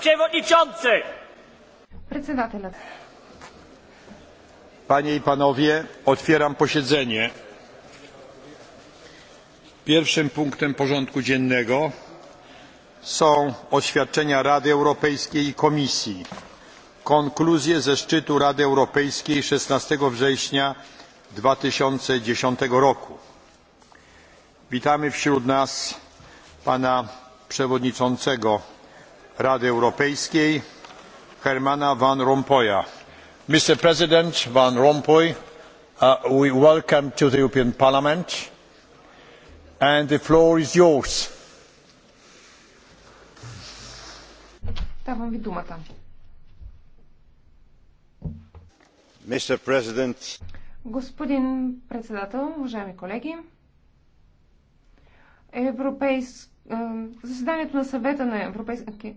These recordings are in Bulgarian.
przewodniczący! Panie i panowie, otwieram posiedzenie. Pierwszym punktem porządku dziennego są oświadczenia Rady Europejskiej i Komisji. Konkluzje ze szczytu Rady Europejskiej 16 września 2010 roku. Witamy wśród nas pana przewodniczącego Rady Europejskiej Hermana Van Rompuya. Mr. President Van Rompuy, we welcome you to the European Parliament and the floor is yours. Давам president Господин председател, уважаеми колеги, Европейски заседанието на съвета на, Европейски,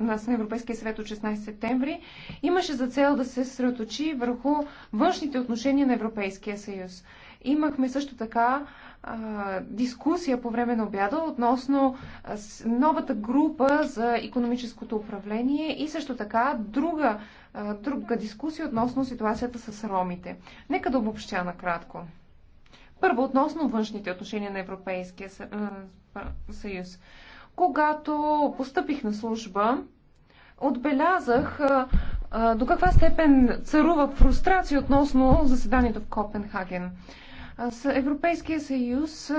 на Европейския съвет от 16 септември имаше за цел да се средоточи върху външните отношения на Европейския съюз. Имахме също така а, дискусия по време на обяда относно а, новата група за економическото управление и също така друга, а, друга дискусия относно ситуацията с ромите. Нека да обобщя накратко. Първо, относно външните отношения на Европейския съюз съюз. Когато постъпих на служба, отбелязах до каква степен царува фрустрация относно заседанието в Копенхаген. Европейския съюз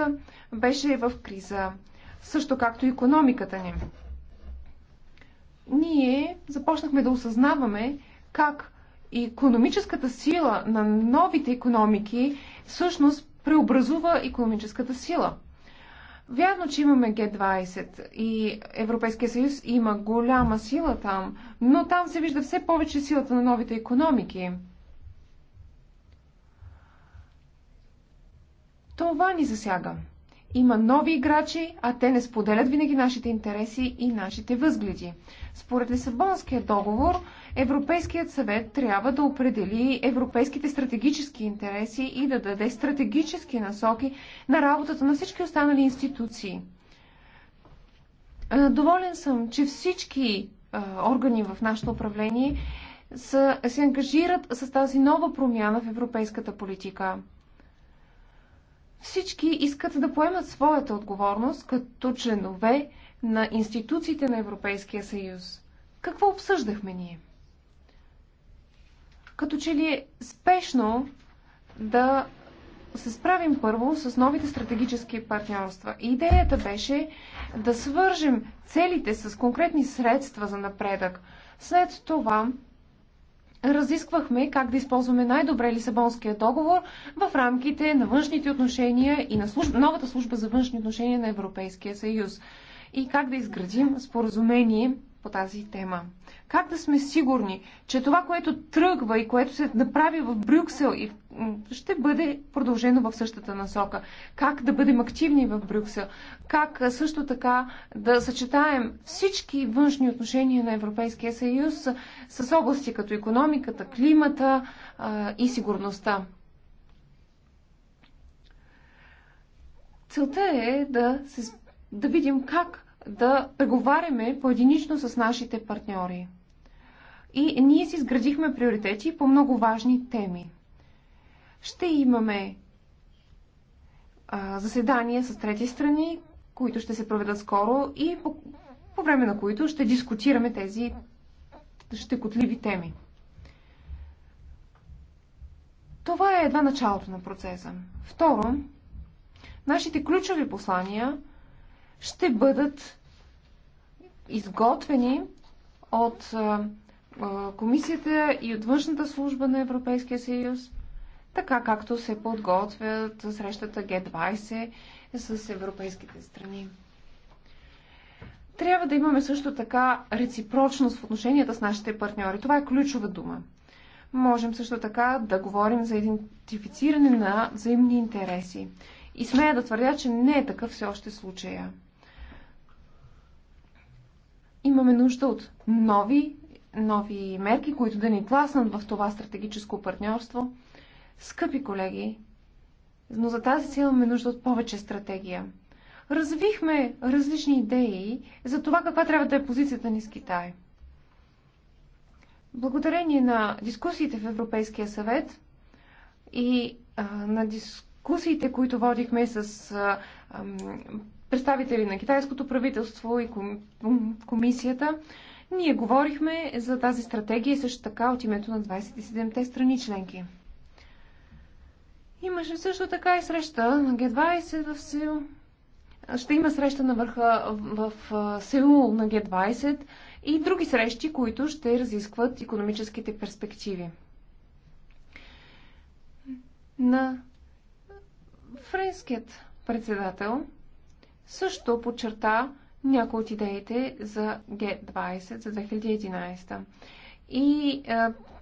беше в криза, също както и економиката ни. Ние започнахме да осъзнаваме как економическата сила на новите економики всъщност преобразува економическата сила – Вярно, че имаме Г-20 и Европейския съюз има голяма сила там, но там се вижда все повече силата на новите економики. Това ни засяга. Има нови играчи, а те не споделят винаги нашите интереси и нашите възгледи. Според Лисабонския договор, Европейският съвет трябва да определи европейските стратегически интереси и да даде стратегически насоки на работата на всички останали институции. Доволен съм, че всички органи в нашето управление са, се ангажират с тази нова промяна в европейската политика. Всички искат да поемат своята отговорност като членове на институциите на Европейския съюз. Какво обсъждахме ние? като че ли е спешно да се справим първо с новите стратегически партньорства. Идеята беше да свържем целите с конкретни средства за напредък. След това разисквахме как да използваме най-добре Лисабонския договор в рамките на външните отношения и на служб... новата служба за външни отношения на Европейския съюз и как да изградим споразумение по тази тема. Как да сме сигурни, че това, което тръгва и което се направи в Брюксел, и ще бъде продължено в същата насока? Как да бъдем активни в Брюксел? Как също така да съчетаем всички външни отношения на Европейския съюз с области като економиката, климата и сигурността? Целта е да, се, да видим как да преговаряме поединично с нашите партньори. И ние си сградихме приоритети по много важни теми. Ще имаме а, заседания с трети страни, които ще се проведат скоро и по, по време на които ще дискутираме тези щекотливи теми. Това е едва началото на процеса. Второ, нашите ключови послания – ще бъдат изготвени от комисията и от външната служба на Европейския съюз, така както се подготвят срещата Г20 с европейските страни. Трябва да имаме също така реципрочност в отношенията с нашите партньори. Това е ключова дума. Можем също така да говорим за идентифициране на взаимни интереси. И смея да твърдя, че не е такъв все още случая имаме нужда от нови, нови мерки, които да ни тласнат в това стратегическо партньорство. Скъпи колеги, но за тази цел имаме нужда от повече стратегия. Развихме различни идеи за това каква трябва да е позицията ни с Китай. Благодарение на дискусиите в Европейския съвет и а, на дискусиите, които водихме с а, а, представители на китайското правителство и комисията, ние говорихме за тази стратегия също така от името на 27-те страни членки. Имаше също така и среща на Г20 в Сеул. Ще има среща на върха в Сеул на Г20 и други срещи, които ще разискват економическите перспективи. На френският председател също подчерта някои от идеите за g 20 за 2011. И е,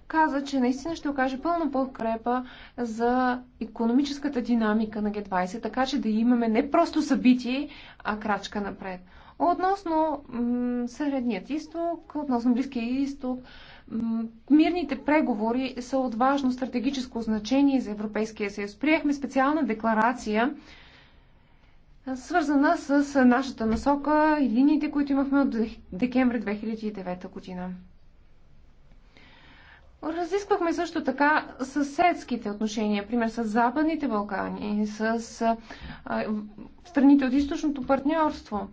каза, че наистина ще окаже пълна подкрепа за економическата динамика на g 20 така че да имаме не просто събитие, а крачка напред. Относно Средният изток, относно Близкия изток, мирните преговори са от важно стратегическо значение за Европейския съюз. Приехме специална декларация свързана с нашата насока и линиите, които имахме от декември 2009 година. Разисквахме също така съседските отношения, пример с Западните Балкани, с страните от източното партньорство.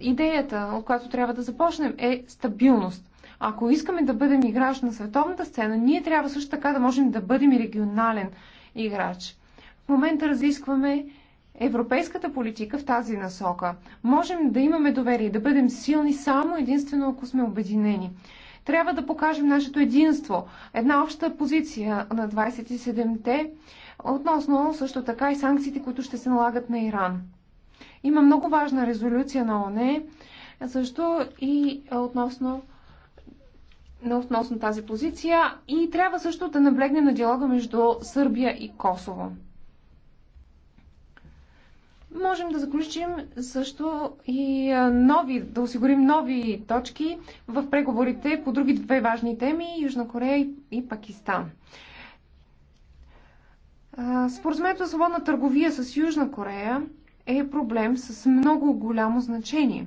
Идеята, от която трябва да започнем, е стабилност. Ако искаме да бъдем играч на световната сцена, ние трябва също така да можем да бъдем регионален играч. В момента разискваме европейската политика в тази насока. Можем да имаме доверие, да бъдем силни само единствено ако сме обединени. Трябва да покажем нашето единство, една обща позиция на 27-те, относно също така и санкциите, които ще се налагат на Иран. Има много важна резолюция на ОНЕ, също и относно на относно тази позиция и трябва също да наблегнем на диалога между Сърбия и Косово. Можем да заключим също и нови, да осигурим нови точки в преговорите по други две важни теми Южна Корея и Пакистан. Споразумението за свободна търговия с Южна Корея е проблем с много голямо значение.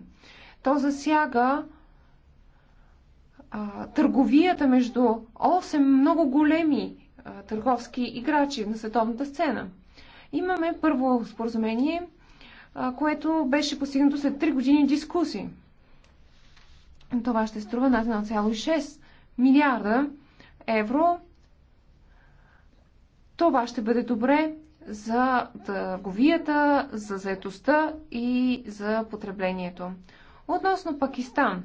То засяга търговията между 8 много големи търговски играчи на световната сцена. Имаме първо споразумение което беше постигнато след 3 години дискусии. Това ще струва над 1,6 милиарда евро. Това ще бъде добре за търговията, за заетостта и за потреблението. Относно Пакистан.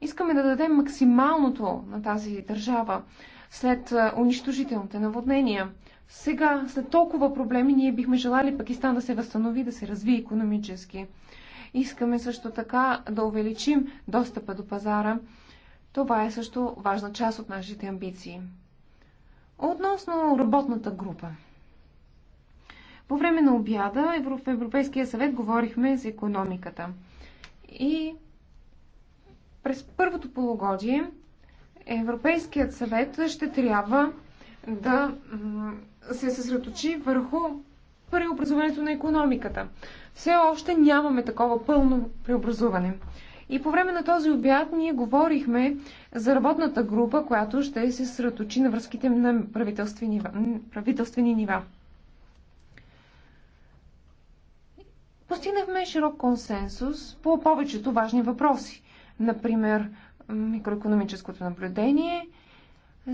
Искаме да дадем максималното на тази държава след унищожителните наводнения – сега, след толкова проблеми, ние бихме желали Пакистан да се възстанови, да се развие економически. Искаме също така да увеличим достъпа до пазара. Това е също важна част от нашите амбиции. Относно работната група. По време на обяда в Европейския съвет говорихме за економиката. И през първото полугодие Европейският съвет ще трябва да се съсредоточи върху преобразуването на економиката. Все още нямаме такова пълно преобразуване. И по време на този обяд ние говорихме за работната група, която ще се съсредоточи на връзките на правителствени, правителствени нива. Постигнахме широк консенсус по повечето важни въпроси. Например, микроекономическото наблюдение,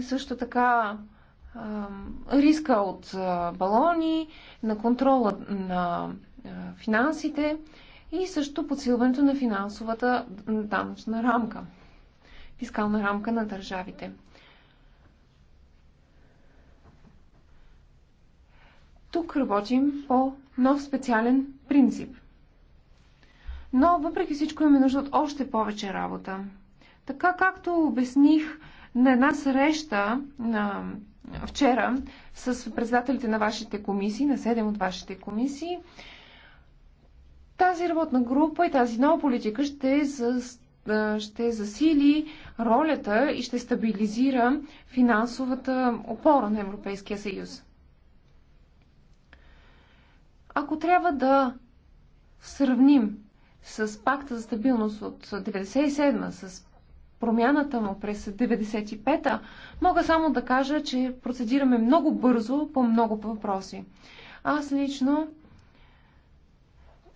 също така риска от балони, на контрола на финансите и също подсилването на финансовата данъчна рамка, фискална рамка на държавите. Тук работим по нов специален принцип. Но въпреки всичко имаме нужда от още повече работа. Така както обясних на една среща на вчера с председателите на вашите комисии, на 7 от вашите комисии. Тази работна група и тази нова политика ще, за, ще засили ролята и ще стабилизира финансовата опора на Европейския съюз. Ако трябва да сравним с пакта за стабилност от 97, с промяната му през 95-та, мога само да кажа, че процедираме много бързо по много въпроси. Аз лично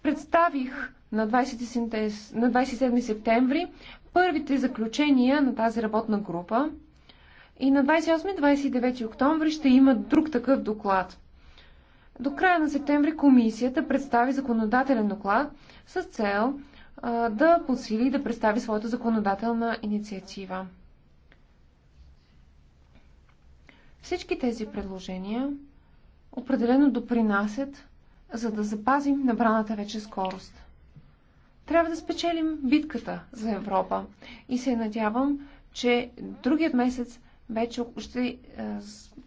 представих на, 20, на 27 септември първите заключения на тази работна група и на 28-29 октомври ще има друг такъв доклад. До края на септември комисията представи законодателен доклад с цел да посили и да представи своята законодателна инициатива. Всички тези предложения определено допринасят, за да запазим набраната вече скорост. Трябва да спечелим битката за Европа и се надявам, че другият месец вече ще е,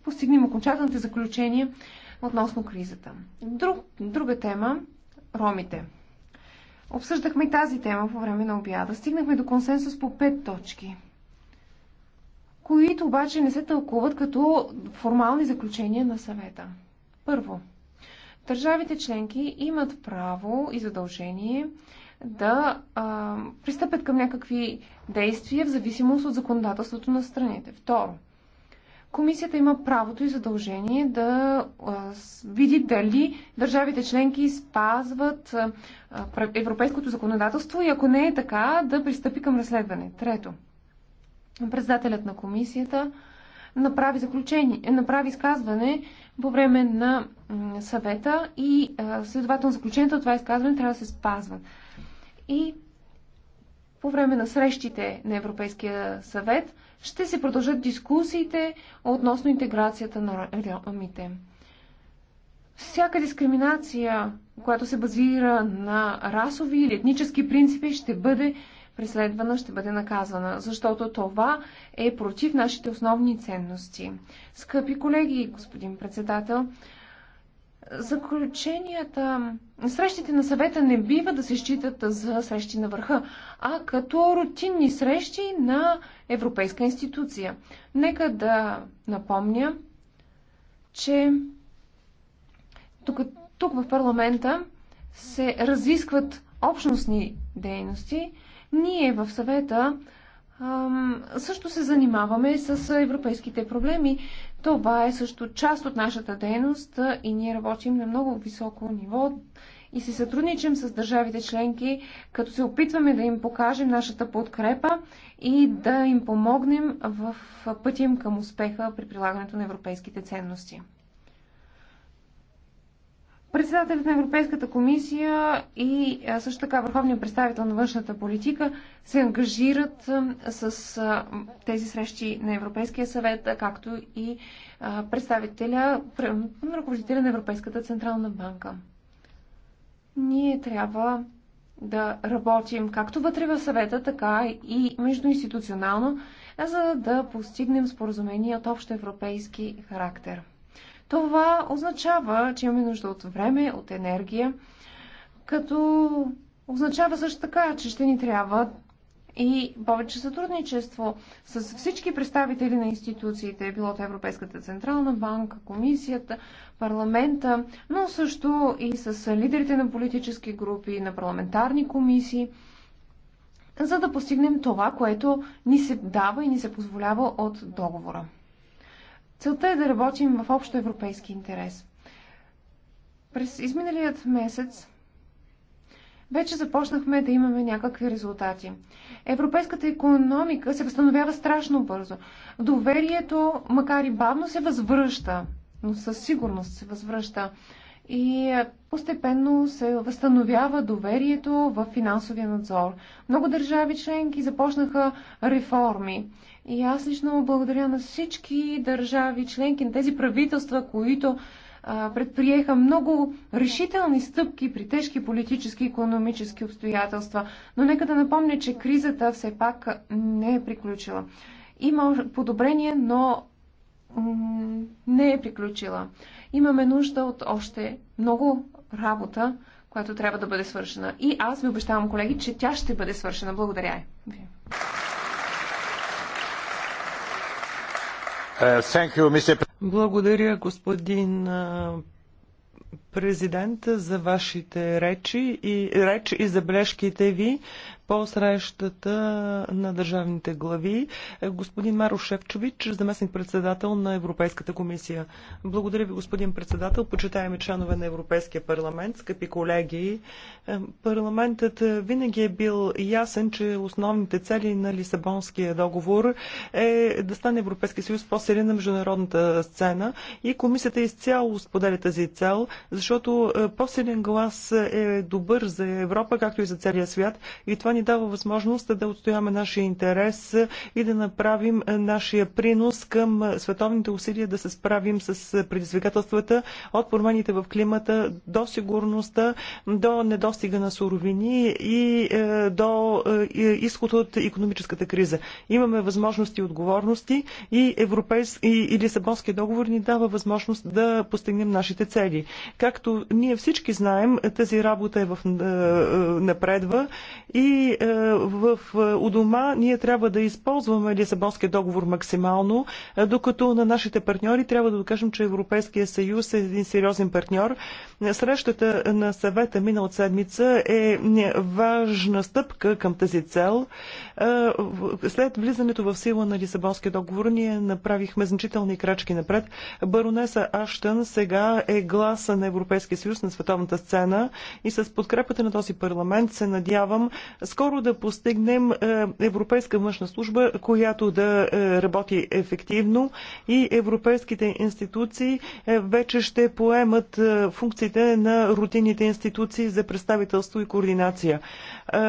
постигнем окончателните заключения относно кризата. Друг, друга тема ромите. Обсъждахме и тази тема по време на обяда. Стигнахме до консенсус по пет точки, които обаче не се тълкуват като формални заключения на съвета. Първо, държавите членки имат право и задължение да а, пристъпят към някакви действия в зависимост от законодателството на страните. Второ, комисията има правото и задължение да види дали държавите членки спазват европейското законодателство и ако не е така, да пристъпи към разследване. Трето, председателят на комисията направи, заключение, направи изказване по време на съвета и следователно заключението от това изказване трябва да се спазва. И по време на срещите на Европейския съвет ще се продължат дискусиите относно интеграцията на ромите. Всяка дискриминация, която се базира на расови или етнически принципи, ще бъде преследвана, ще бъде наказана, защото това е против нашите основни ценности. Скъпи колеги, господин председател, заключенията, срещите на съвета не бива да се считат за срещи на върха, а като рутинни срещи на Европейска институция. Нека да напомня, че тук, тук в парламента се разискват общностни дейности. Ние в съвета също се занимаваме с европейските проблеми, това е също част от нашата дейност и ние работим на много високо ниво и си сътрудничим с държавите членки, като се опитваме да им покажем нашата подкрепа и да им помогнем в пътя им към успеха при прилагането на европейските ценности. Председателят на Европейската комисия и също така върховният представител на външната политика се ангажират с тези срещи на Европейския съвет, както и представителя, ръководителя на Европейската централна банка. Ние трябва да работим както вътре в съвета, така и междуинституционално, за да постигнем споразумения от общ европейски характер. Това означава, че имаме нужда от време, от енергия, като означава също така, че ще ни трябва и повече сътрудничество с всички представители на институциите, било от Европейската централна банка, комисията, парламента, но също и с лидерите на политически групи, на парламентарни комисии, за да постигнем това, което ни се дава и ни се позволява от договора. Целта е да работим в общо европейски интерес. През изминалият месец вече започнахме да имаме някакви резултати. Европейската економика се възстановява страшно бързо. Доверието, макар и бавно, се възвръща, но със сигурност се възвръща. И е, постепенно се възстановява доверието в финансовия надзор. Много държави членки започнаха реформи и аз лично благодаря на всички държави, членки на тези правителства, които а, предприеха много решителни стъпки при тежки политически и економически обстоятелства. Но нека да напомня, че кризата все пак не е приключила. Има подобрение, но не е приключила. Имаме нужда от още много работа, която трябва да бъде свършена. И аз ви обещавам, колеги, че тя ще бъде свършена. Благодаря ви. Uh, Благодаря, господин президент, за вашите речи и, реч и забележките ви по срещата на държавните глави. Господин Маро Шевчович, заместник председател на Европейската комисия. Благодаря ви, господин председател. Почитаеми членове на Европейския парламент, скъпи колеги. Парламентът винаги е бил ясен, че основните цели на Лисабонския договор е да стане Европейския съюз по-силен на международната сцена и комисията изцяло споделя тази цел, защото по-силен глас е добър за Европа, както и за целия свят и това ни дава възможност да отстояваме нашия интерес и да направим нашия принос към световните усилия да се справим с предизвикателствата от промените в климата до сигурността, до недостига на суровини и е, до е, изход от економическата криза. Имаме възможности и отговорности и, европейс... и, и Лисабонския договор ни дава възможност да постигнем нашите цели. Както ние всички знаем, тази работа е в е, напредва и е, в, в е, у дома ние трябва да използваме Лисабонския договор максимално, е, докато на нашите партньори трябва да докажем, че Европейския съюз е един сериозен партньор, Срещата на съвета минал седмица е важна стъпка към тази цел. След влизането в сила на Лисабонския договор ние направихме значителни крачки напред. Баронеса Аштън сега е гласа на Европейския съюз на световната сцена и с подкрепата на този парламент се надявам скоро да постигнем Европейска външна служба, която да работи ефективно и европейските институции вече ще поемат функции въпросите на рутинните институции за представителство и координация. Е,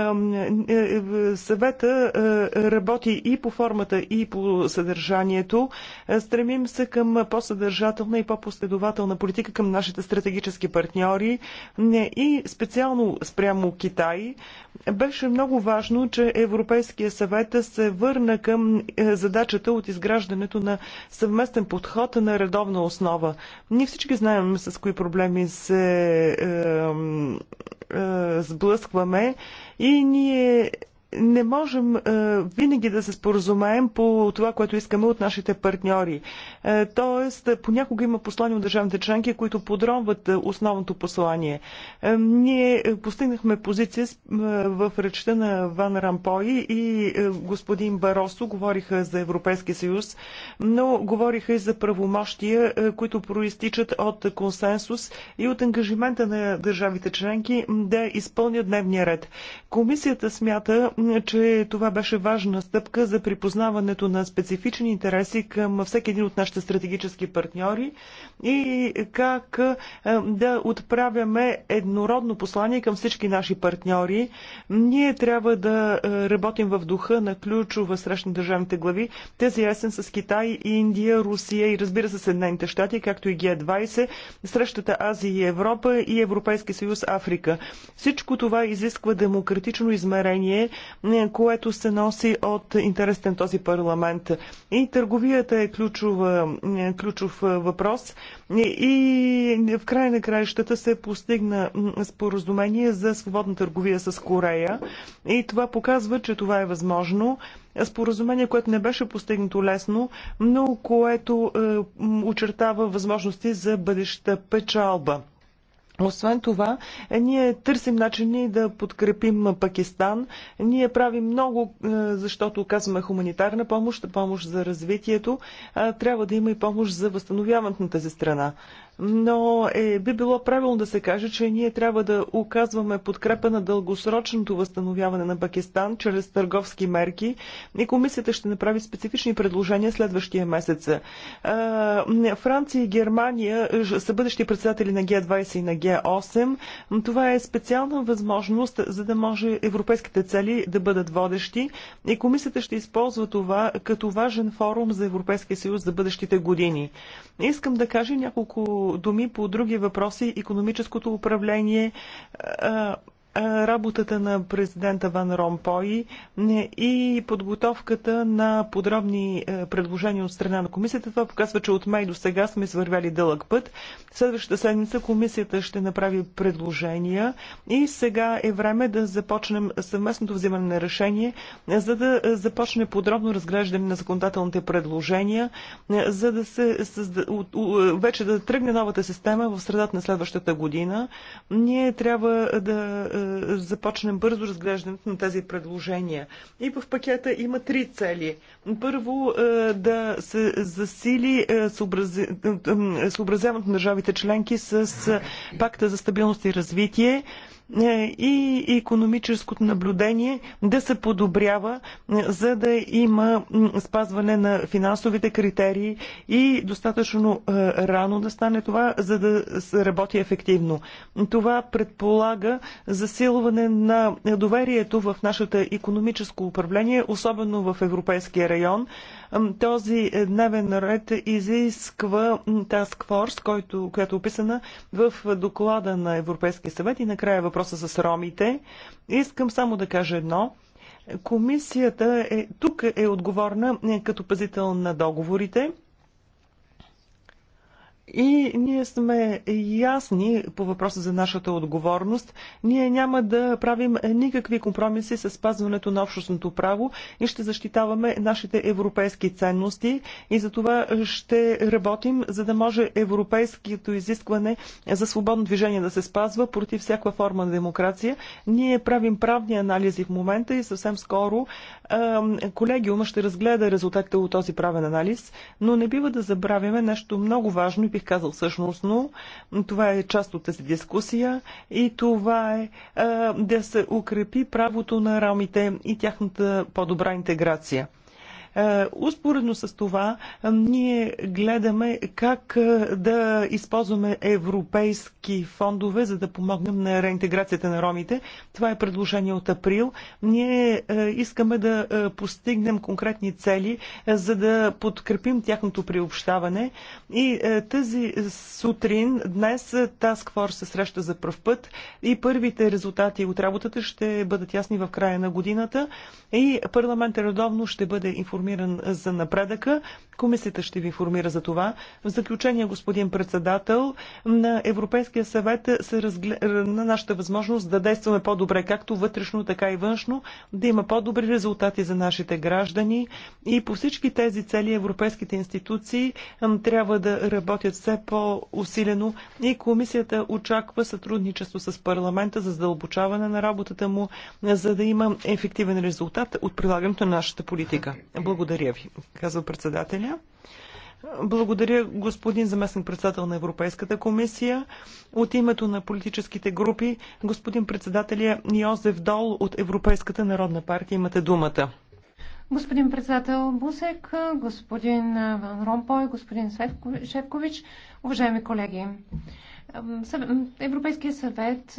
е, съвета е, работи и по формата, и по съдържанието. Стремим се към по-съдържателна и по-последователна политика към нашите стратегически партньори и специално спрямо Китай. Беше много важно, че Европейския съвет се върна към е, задачата от изграждането на съвместен подход на редовна основа. Ние всички знаем с кои проблеми се е, е, сблъскваме и ние не можем е, винаги да се споразумеем по това, което искаме от нашите партньори. Е, тоест, понякога има послания от държавните членки, които подробват е, основното послание. Е, ние постигнахме позиция с, е, в речта на Ван Рампой и е, господин Баросо говориха за Европейския съюз, но говориха и за правомощия, е, които проистичат от консенсус и от ангажимента на държавите членки да изпълнят дневния ред. Комисията смята, че това беше важна стъпка за припознаването на специфични интереси към всеки един от нашите стратегически партньори и как е, да отправяме еднородно послание към всички наши партньори. Ние трябва да е, работим в духа на ключова среща на държавните глави тези есен с Китай, Индия, Русия и разбира се Съединените щати, както и Г20, срещата Азия и Европа и Европейски съюз Африка. Всичко това изисква демократично измерение, което се носи от на този парламент. И търговията е ключов, ключов е, въпрос. И в край на краищата се постигна споразумение за свободна търговия с Корея. И това показва, че това е възможно споразумение, което не беше постигнато лесно, но което е, очертава възможности за бъдеща печалба. Освен това, ние търсим начини да подкрепим Пакистан. Ние правим много, е, защото казваме хуманитарна помощ, помощ за развитието. Трябва да има и помощ за възстановяването на тази страна но е, би било правилно да се каже, че ние трябва да оказваме подкрепа на дългосрочното възстановяване на Пакистан чрез търговски мерки и комисията ще направи специфични предложения следващия месец. Франция и Германия са бъдещи председатели на Г20 и на Г8. Това е специална възможност, за да може европейските цели да бъдат водещи и комисията ще използва това като важен форум за Европейския съюз за бъдещите години. Искам да кажа няколко думи по други въпроси, економическото управление, работата на президента Ван Ромпой и подготовката на подробни предложения от страна на комисията. Това показва, че от май до сега сме свървяли дълъг път. Следващата седмица комисията ще направи предложения и сега е време да започнем съвместното взимане на решение, за да започне подробно разглеждане на законодателните предложения, за да се създа... вече да тръгне новата система в средата на следващата година. Ние трябва да започнем бързо разглеждането на тези предложения. И в пакета има три цели. Първо, е, да се засили е, е, съобразяването на държавите членки с пакта за стабилност и развитие. Е, и економическото наблюдение да се подобрява, е, за да има спазване на финансовите критерии и достатъчно е, рано да стане това, за да се работи ефективно. Това предполага засилване на доверието в нашата економическо управление, особено в Европейския район, този е, дневен ред изисква Task Force, който, която е описана в е, доклада на Европейския съвет и накрая въпроса с ромите. Искам само да кажа едно. Комисията е, тук е отговорна е, като пазител на договорите и ние сме ясни по въпроса за нашата отговорност. Ние няма да правим никакви компромиси с спазването на общностното право и ще защитаваме нашите европейски ценности и за това ще работим, за да може европейското изискване за свободно движение да се спазва против всяка форма на демокрация. Ние правим правни анализи в момента и съвсем скоро колегиума ще разгледа резултатите от този правен анализ, но не бива да забравяме нещо много важно и бих казал всъщност, но това е част от тази дискусия и това е да се укрепи правото на рамите и тяхната по-добра интеграция. Е, успоредно с това е, ние гледаме как е, да използваме европейски фондове, за да помогнем на реинтеграцията на ромите. Това е предложение от април. Ние искаме да постигнем конкретни цели, за да подкрепим тяхното приобщаване. И тази сутрин, днес, Task Force се среща за пръв път и първите резултати от работата ще бъдат ясни в края на годината и парламентът редовно ще бъде информиран информиран за напредъка. Комисията ще ви информира за това. В заключение, господин председател, на Европейския съвет се разгле... на нашата възможност да действаме по-добре, както вътрешно, така и външно, да има по-добри резултати за нашите граждани и по всички тези цели европейските институции трябва да работят все по-усилено и комисията очаква сътрудничество с парламента за задълбочаване на работата му, за да има ефективен резултат от прилагането на нашата политика. Благодаря ви, казва председателя. Благодаря господин заместник председател на Европейската комисия. От името на политическите групи, господин председателя Йозеф Дол от Европейската народна партия, имате думата. Господин председател Бусек, господин Ван Ромпой, господин Шевкович, уважаеми колеги. Европейския съвет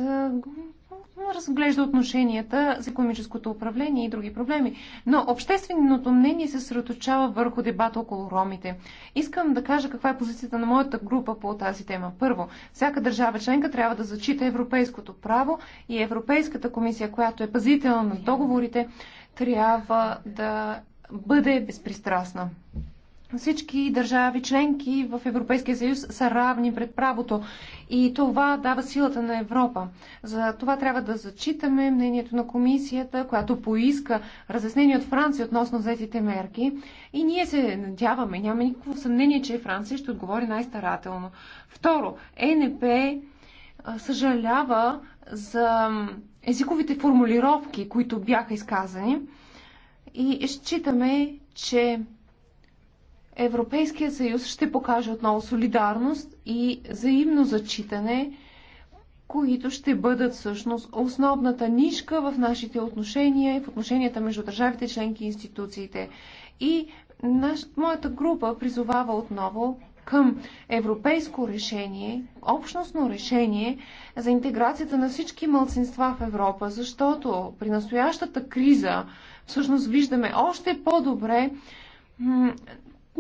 разглежда отношенията за економическото управление и други проблеми. Но общественото мнение се съсредоточава върху дебата около ромите. Искам да кажа каква е позицията на моята група по тази тема. Първо, всяка държава членка трябва да зачита европейското право и Европейската комисия, която е пазител на договорите, трябва да бъде безпристрастна всички държави членки в Европейския съюз са равни пред правото и това дава силата на Европа. За това трябва да зачитаме мнението на комисията, която поиска разяснение от Франция относно взетите мерки и ние се надяваме, няма никакво съмнение, че Франция ще отговори най-старателно. Второ, ЕНП съжалява за езиковите формулировки, които бяха изказани и считаме, че Европейския съюз ще покаже отново солидарност и взаимно зачитане, които ще бъдат всъщност основната нишка в нашите отношения и в отношенията между държавите, членки и институциите. И наш, моята група призовава отново към европейско решение, общностно решение за интеграцията на всички мълцинства в Европа, защото при настоящата криза всъщност виждаме още по-добре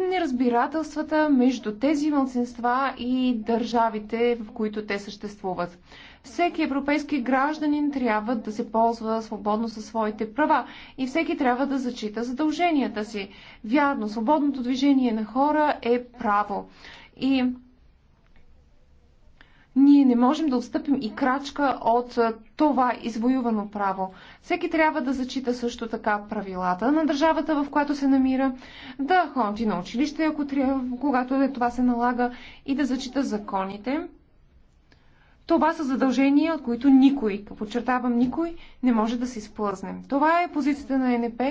неразбирателствата между тези мълцинства и държавите, в които те съществуват. Всеки европейски гражданин трябва да се ползва свободно със своите права и всеки трябва да зачита задълженията си. Вярно, свободното движение на хора е право. И ние не можем да отстъпим и крачка от това извоювано право. Всеки трябва да зачита също така правилата на държавата, в която се намира, да ходи на училище, ако трябва, когато е, това се налага, и да зачита законите. Това са задължения, от които никой, подчертавам никой, не може да се изплъзне. Това е позицията на НП,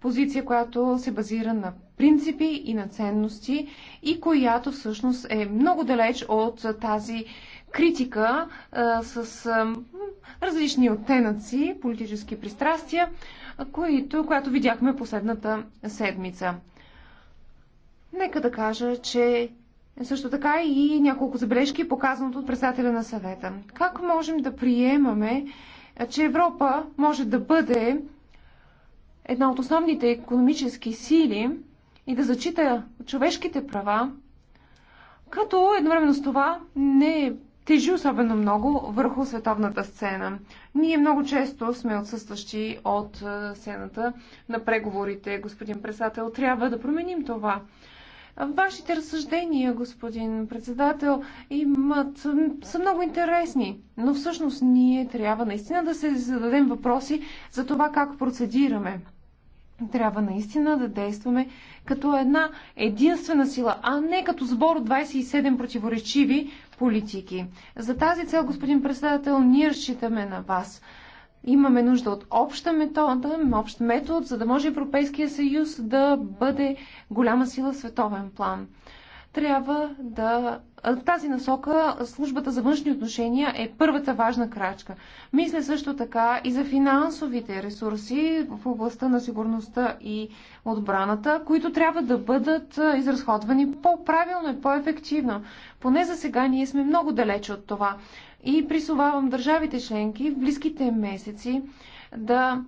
позиция, която се базира на принципи и на ценности и която всъщност е много далеч от тази критика а, с а, различни оттенъци, политически пристрастия, които, която видяхме последната седмица. Нека да кажа, че също така и няколко забележки, показаното от председателя на съвета. Как можем да приемаме, че Европа може да бъде една от основните економически сили и да зачита човешките права, като едновременно с това не тежи особено много върху световната сцена. Ние много често сме отсъстващи от е, сцената на преговорите, господин председател. Трябва да променим това. Вашите разсъждения, господин председател, имат, са много интересни, но всъщност ние трябва наистина да се зададем въпроси за това как процедираме. Трябва наистина да действаме като една единствена сила, а не като сбор от 27 противоречиви политики. За тази цел, господин председател, ние разчитаме на вас. Имаме нужда от обща метода, общ метод, за да може Европейския съюз да бъде голяма сила в световен план. Трябва да е, тази насока службата за външни отношения е първата важна крачка. Мисля също така и за финансовите ресурси в областта на сигурността и отбраната, които трябва да бъдат е, изразходвани по-правилно и по-ефективно. Поне за сега ние сме много далече от това. И присувавам държавите членки в близките месеци да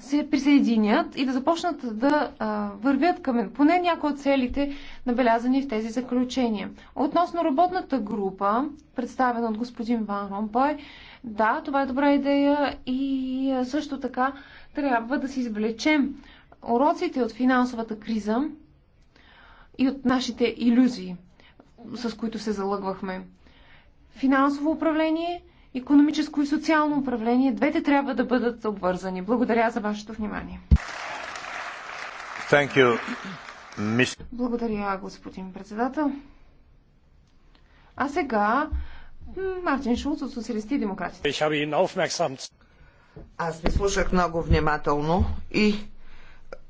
се присъединят и да започнат да а, вървят към поне някои от целите, набелязани в тези заключения. Относно работната група, представена от господин Ван Ромпой, да, това е добра идея и също така трябва да си извлечем уроците от финансовата криза и от нашите иллюзии, с които се залъгвахме. Финансово управление економическо и социално управление, двете трябва да бъдат обвързани. Благодаря за вашето внимание. Thank you. Miss... Благодаря, господин председател. А сега Мартин Шулц от Социалисти и демократи. Аз ви слушах много внимателно и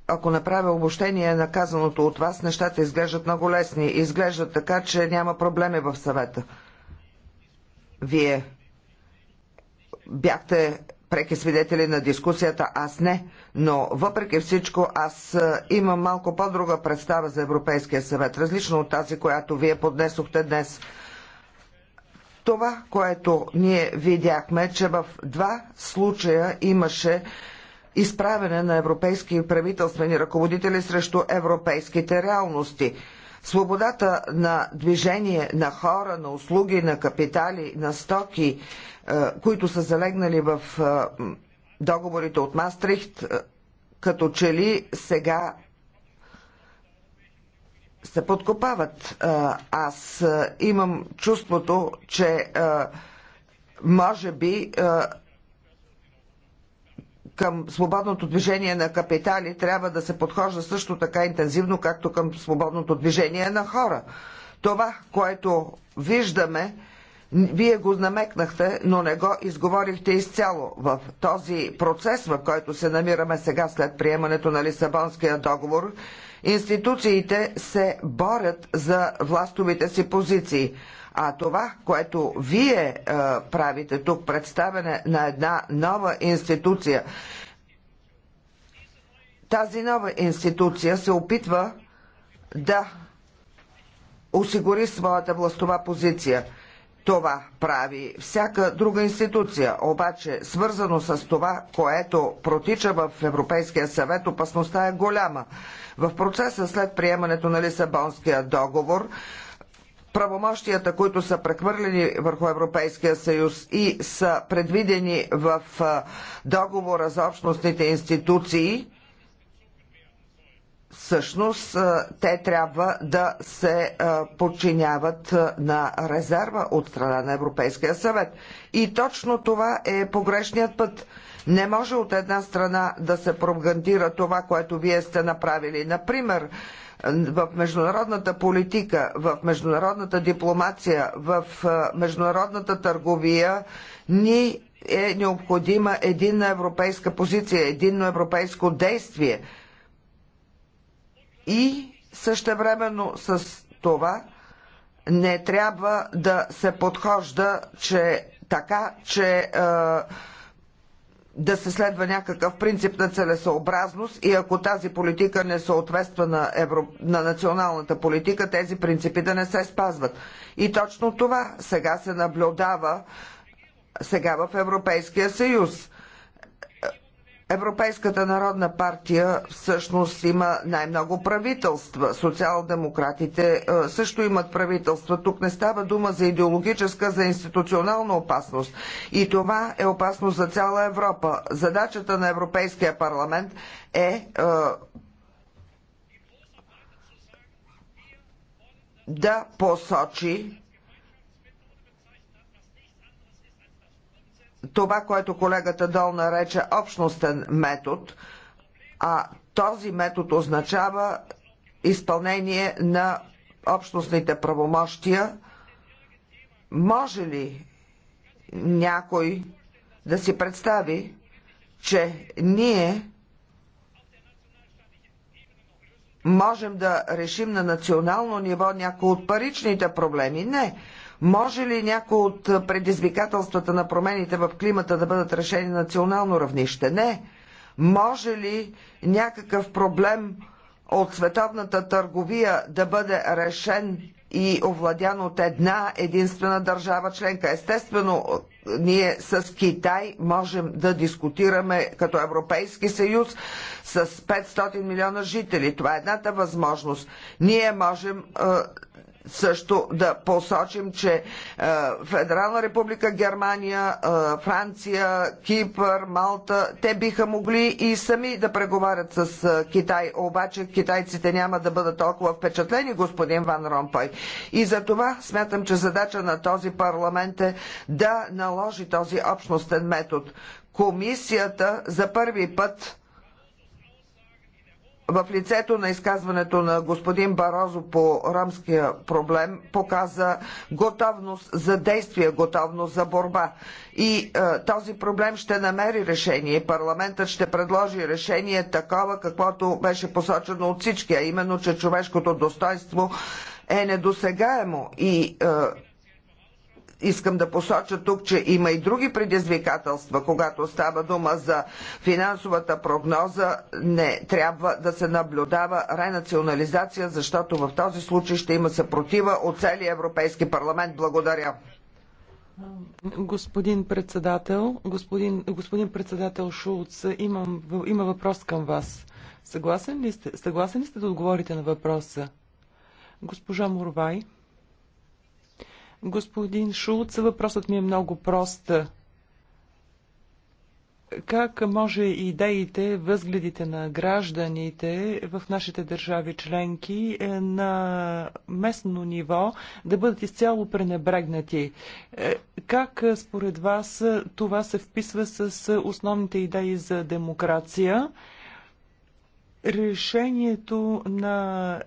ако направя обобщение на казаното от вас, нещата изглеждат много лесни. Изглеждат така, че няма проблеми в съвета. Вие бяхте преки свидетели на дискусията, аз не, но въпреки всичко аз е, имам малко по-друга представа за Европейския съвет, различно от тази, която вие поднесохте днес. Това, което ние видяхме, че в два случая имаше изправене на европейски правителствени ръководители срещу европейските реалности – Свободата на движение на хора, на услуги, на капитали, на стоки, е, които са залегнали в е, договорите от Мастрихт, е, като че ли сега се подкопават. Аз имам чувството, че може би към свободното движение на капитали трябва да се подхожда също така интензивно, както към свободното движение на хора. Това, което виждаме, вие го намекнахте, но не го изговорихте изцяло. В този процес, в който се намираме сега след приемането на Лисабонския договор, институциите се борят за властовите си позиции. А това, което вие е, правите тук, представяне на една нова институция, тази нова институция се опитва да осигури своята властова позиция. Това прави всяка друга институция, обаче свързано с това, което протича в Европейския съвет, опасността е голяма. В процеса след приемането на Лисабонския договор правомощията, които са прехвърлени върху Европейския съюз и са предвидени в договора за общностните институции, всъщност те трябва да се подчиняват на резерва от страна на Европейския съвет. И точно това е погрешният път. Не може от една страна да се пропагандира това, което вие сте направили. Например, в международната политика, в международната дипломация, в международната търговия ни е необходима единна европейска позиция, единно европейско действие. И същевременно с това не трябва да се подхожда, че така, че е, да се следва някакъв принцип на целесообразност и ако тази политика не съответства на, евро... на националната политика, тези принципи да не се спазват. И точно това сега се наблюдава сега в Европейския съюз. Европейската народна партия всъщност има най-много правителства. Социал-демократите е, също имат правителства. Тук не става дума за идеологическа, за институционална опасност. И това е опасност за цяла Европа. Задачата на Европейския парламент е, е да посочи това, което колегата Дол нарече общностен метод, а този метод означава изпълнение на общностните правомощия. Може ли някой да си представи, че ние можем да решим на национално ниво някои от паричните проблеми? Не. Може ли някои от предизвикателствата на промените в климата да бъдат решени национално равнище? Не. Може ли някакъв проблем от световната търговия да бъде решен и овладян от една единствена държава членка. Естествено, ние с Китай можем да дискутираме като Европейски съюз с 500 милиона жители. Това е едната възможност. Ние можем е, също да посочим, че е, Федерална република Германия, е, Франция, Кипър, Малта, те биха могли и сами да преговарят с е, Китай, обаче китайците няма да бъдат толкова впечатлени, господин Ван Ромпой. И за това смятам, че задача на този парламент е да наложи този общностен метод. Комисията за първи път в лицето на изказването на господин Барозо по ромския проблем показа готовност за действие, готовност за борба. И е, този проблем ще намери решение. Парламентът ще предложи решение такова, каквото беше посочено от всички, а именно, че човешкото достоинство е недосегаемо и е, Искам да посоча тук, че има и други предизвикателства, когато става дума за финансовата прогноза, не трябва да се наблюдава ренационализация, защото в този случай ще има съпротива от целия Европейски парламент. Благодаря. Господин председател, господин, господин председател Шулц, имам, има въпрос към вас. Съгласен ли сте, съгласен ли сте да отговорите на въпроса? Госпожа Мурвай. Господин Шулц, въпросът ми е много прост. Как може идеите, възгледите на гражданите в нашите държави членки е, на местно ниво да бъдат изцяло пренебрегнати? Е, как е, според вас това се вписва с основните идеи за демокрация? Решението на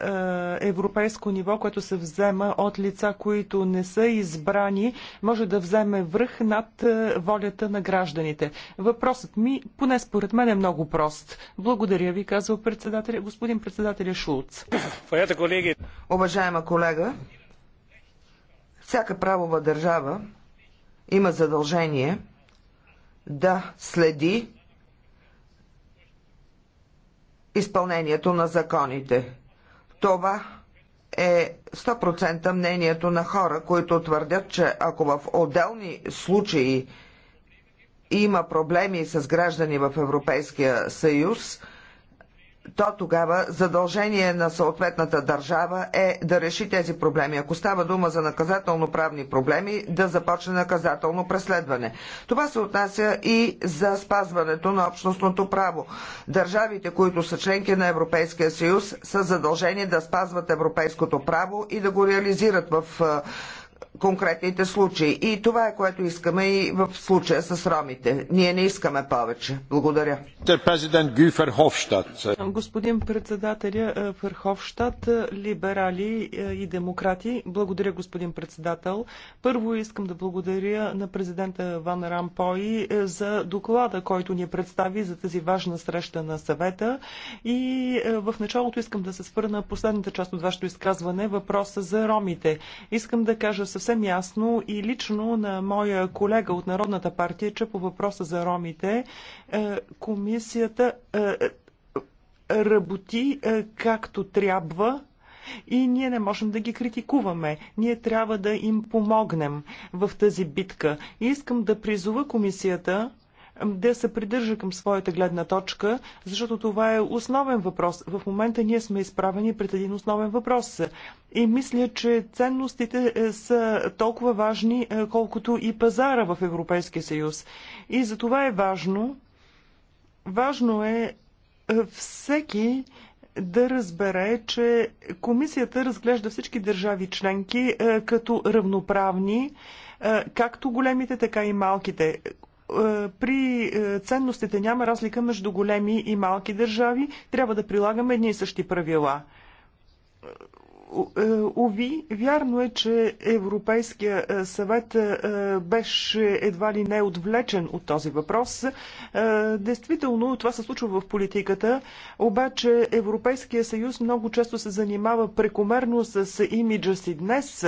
е, европейско ниво, което се взема от лица, които не са избрани, може да вземе връх над е, волята на гражданите. Въпросът ми, поне според мен, е много прост. Благодаря ви, казва председателя, господин председателя Шулц. Колеги... Уважаема колега, всяка правова държава има задължение да следи изпълнението на законите. Това е 100% мнението на хора, които твърдят, че ако в отделни случаи има проблеми с граждани в Европейския съюз, то тогава задължение на съответната държава е да реши тези проблеми. Ако става дума за наказателно-правни проблеми, да започне наказателно преследване. Това се отнася и за спазването на общностното право. Държавите, които са членки на Европейския съюз, са задължени да спазват европейското право и да го реализират в е, конкретните случаи. И това е което искаме и в случая с ромите. Ние не искаме повече. Благодаря. Господин председателя е, Ферховщад, е, либерали е, и демократи, благодаря господин председател. Първо искам да благодаря на президента Ван Рампой за доклада, който ни представи за тази важна среща на съвета. И в началото искам да се свърна последната част от вашето изказване, въпроса за ромите. Искам да кажа съвсем ясно и лично на моя колега от Народната партия, че по въпроса за ромите е, комисията е, е, работи както трябва и ние не можем да ги критикуваме. Ние трябва да им помогнем в тази битка. И искам да призова комисията да се придържа към своята гледна точка, защото това е основен въпрос. В момента ние сме изправени пред един основен въпрос. И мисля, че ценностите е, са толкова важни, е, колкото и пазара в Европейския съюз. И за това е важно. Важно е, е всеки да разбере, че комисията разглежда всички държави членки като равноправни, както големите, така и малките. Е, при е, ценностите няма разлика между големи и малки държави. Трябва да прилагаме едни и същи правила. Ови, е, вярно е, че Европейския съвет беше едва ли не отвлечен от този въпрос. Действително, това се случва в политиката, обаче Европейския съюз много често се занимава прекомерно с имиджа си днес.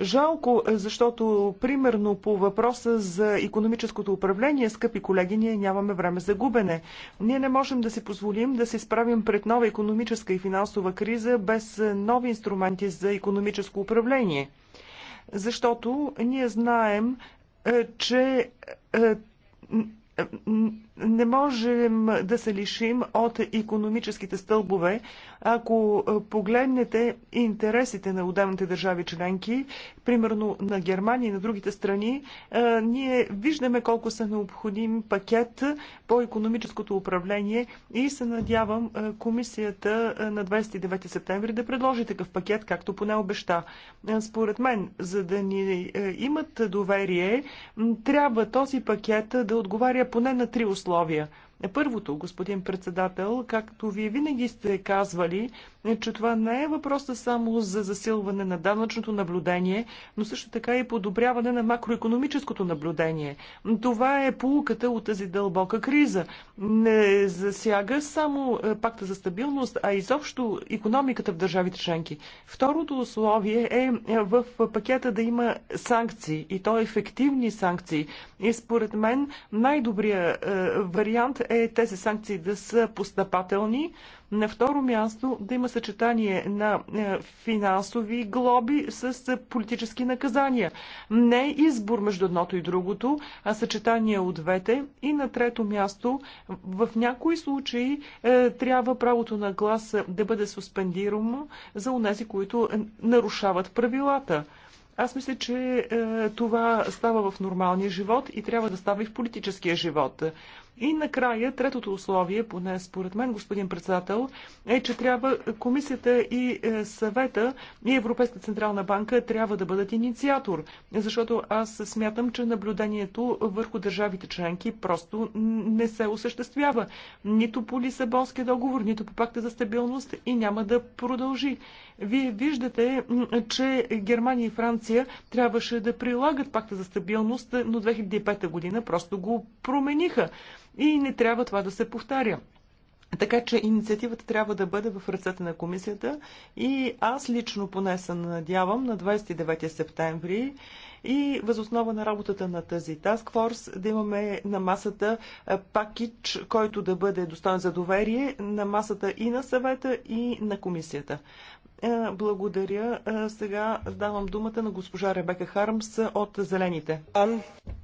Жалко, е, защото примерно по въпроса за економическото управление, скъпи колеги, ние нямаме време за губене. Ние не можем да си позволим да се справим пред нова економическа и финансова криза без е, нови инструменти за економическо управление. Защото ние знаем, е, че не можем да се лишим от економическите стълбове. Ако е, погледнете интересите на отделните държави членки, примерно на Германия и на другите страни, е, ние виждаме колко са необходим пакет по економическото управление и се надявам е, комисията на 29 септември да предложи такъв пакет, както поне обеща. Според мен, за да ни имат доверие, трябва този пакет да отговаря поне на три основни условия. Е, първото, господин председател, както вие винаги сте казвали, е, че това не е въпроса само за засилване на данъчното наблюдение, но също така и подобряване на макроекономическото наблюдение. Това е полуката от тази дълбока криза. Не засяга само е, пакта за стабилност, а изобщо економиката в държавите членки. Второто условие е в пакета да има санкции и то ефективни санкции. И според мен най-добрият вариант е тези санкции да са постъпателни. На второ място да има съчетание на е, финансови глоби с политически наказания. Не избор между едното и другото, а съчетание от двете. И на трето място, в някои случаи е, трябва правото на глас да бъде суспендирано за унези, които нарушават правилата. Аз мисля, че е, това става в нормалния живот и трябва да става и в политическия живот. И накрая, третото условие, поне според мен, господин председател, е, че трябва комисията и е, съвета и Европейска централна банка трябва да бъдат инициатор, защото аз смятам, че наблюдението върху държавите членки просто не се осъществява. Нито по Лисабонския договор, нито по пакта за стабилност и няма да продължи. Вие виждате, че Германия и Франция трябваше да прилагат пакта за стабилност, но 2005 година просто го промениха. И не трябва това да се повтаря. Така че инициативата трябва да бъде в ръцете на комисията и аз лично поне се надявам на 29 септември и възоснова на работата на тази Task Force да имаме на масата пакич, който да бъде достоен за доверие на масата и на съвета и на комисията. Е, благодаря. Е, сега давам думата на госпожа Ребека Хармс от Зелените.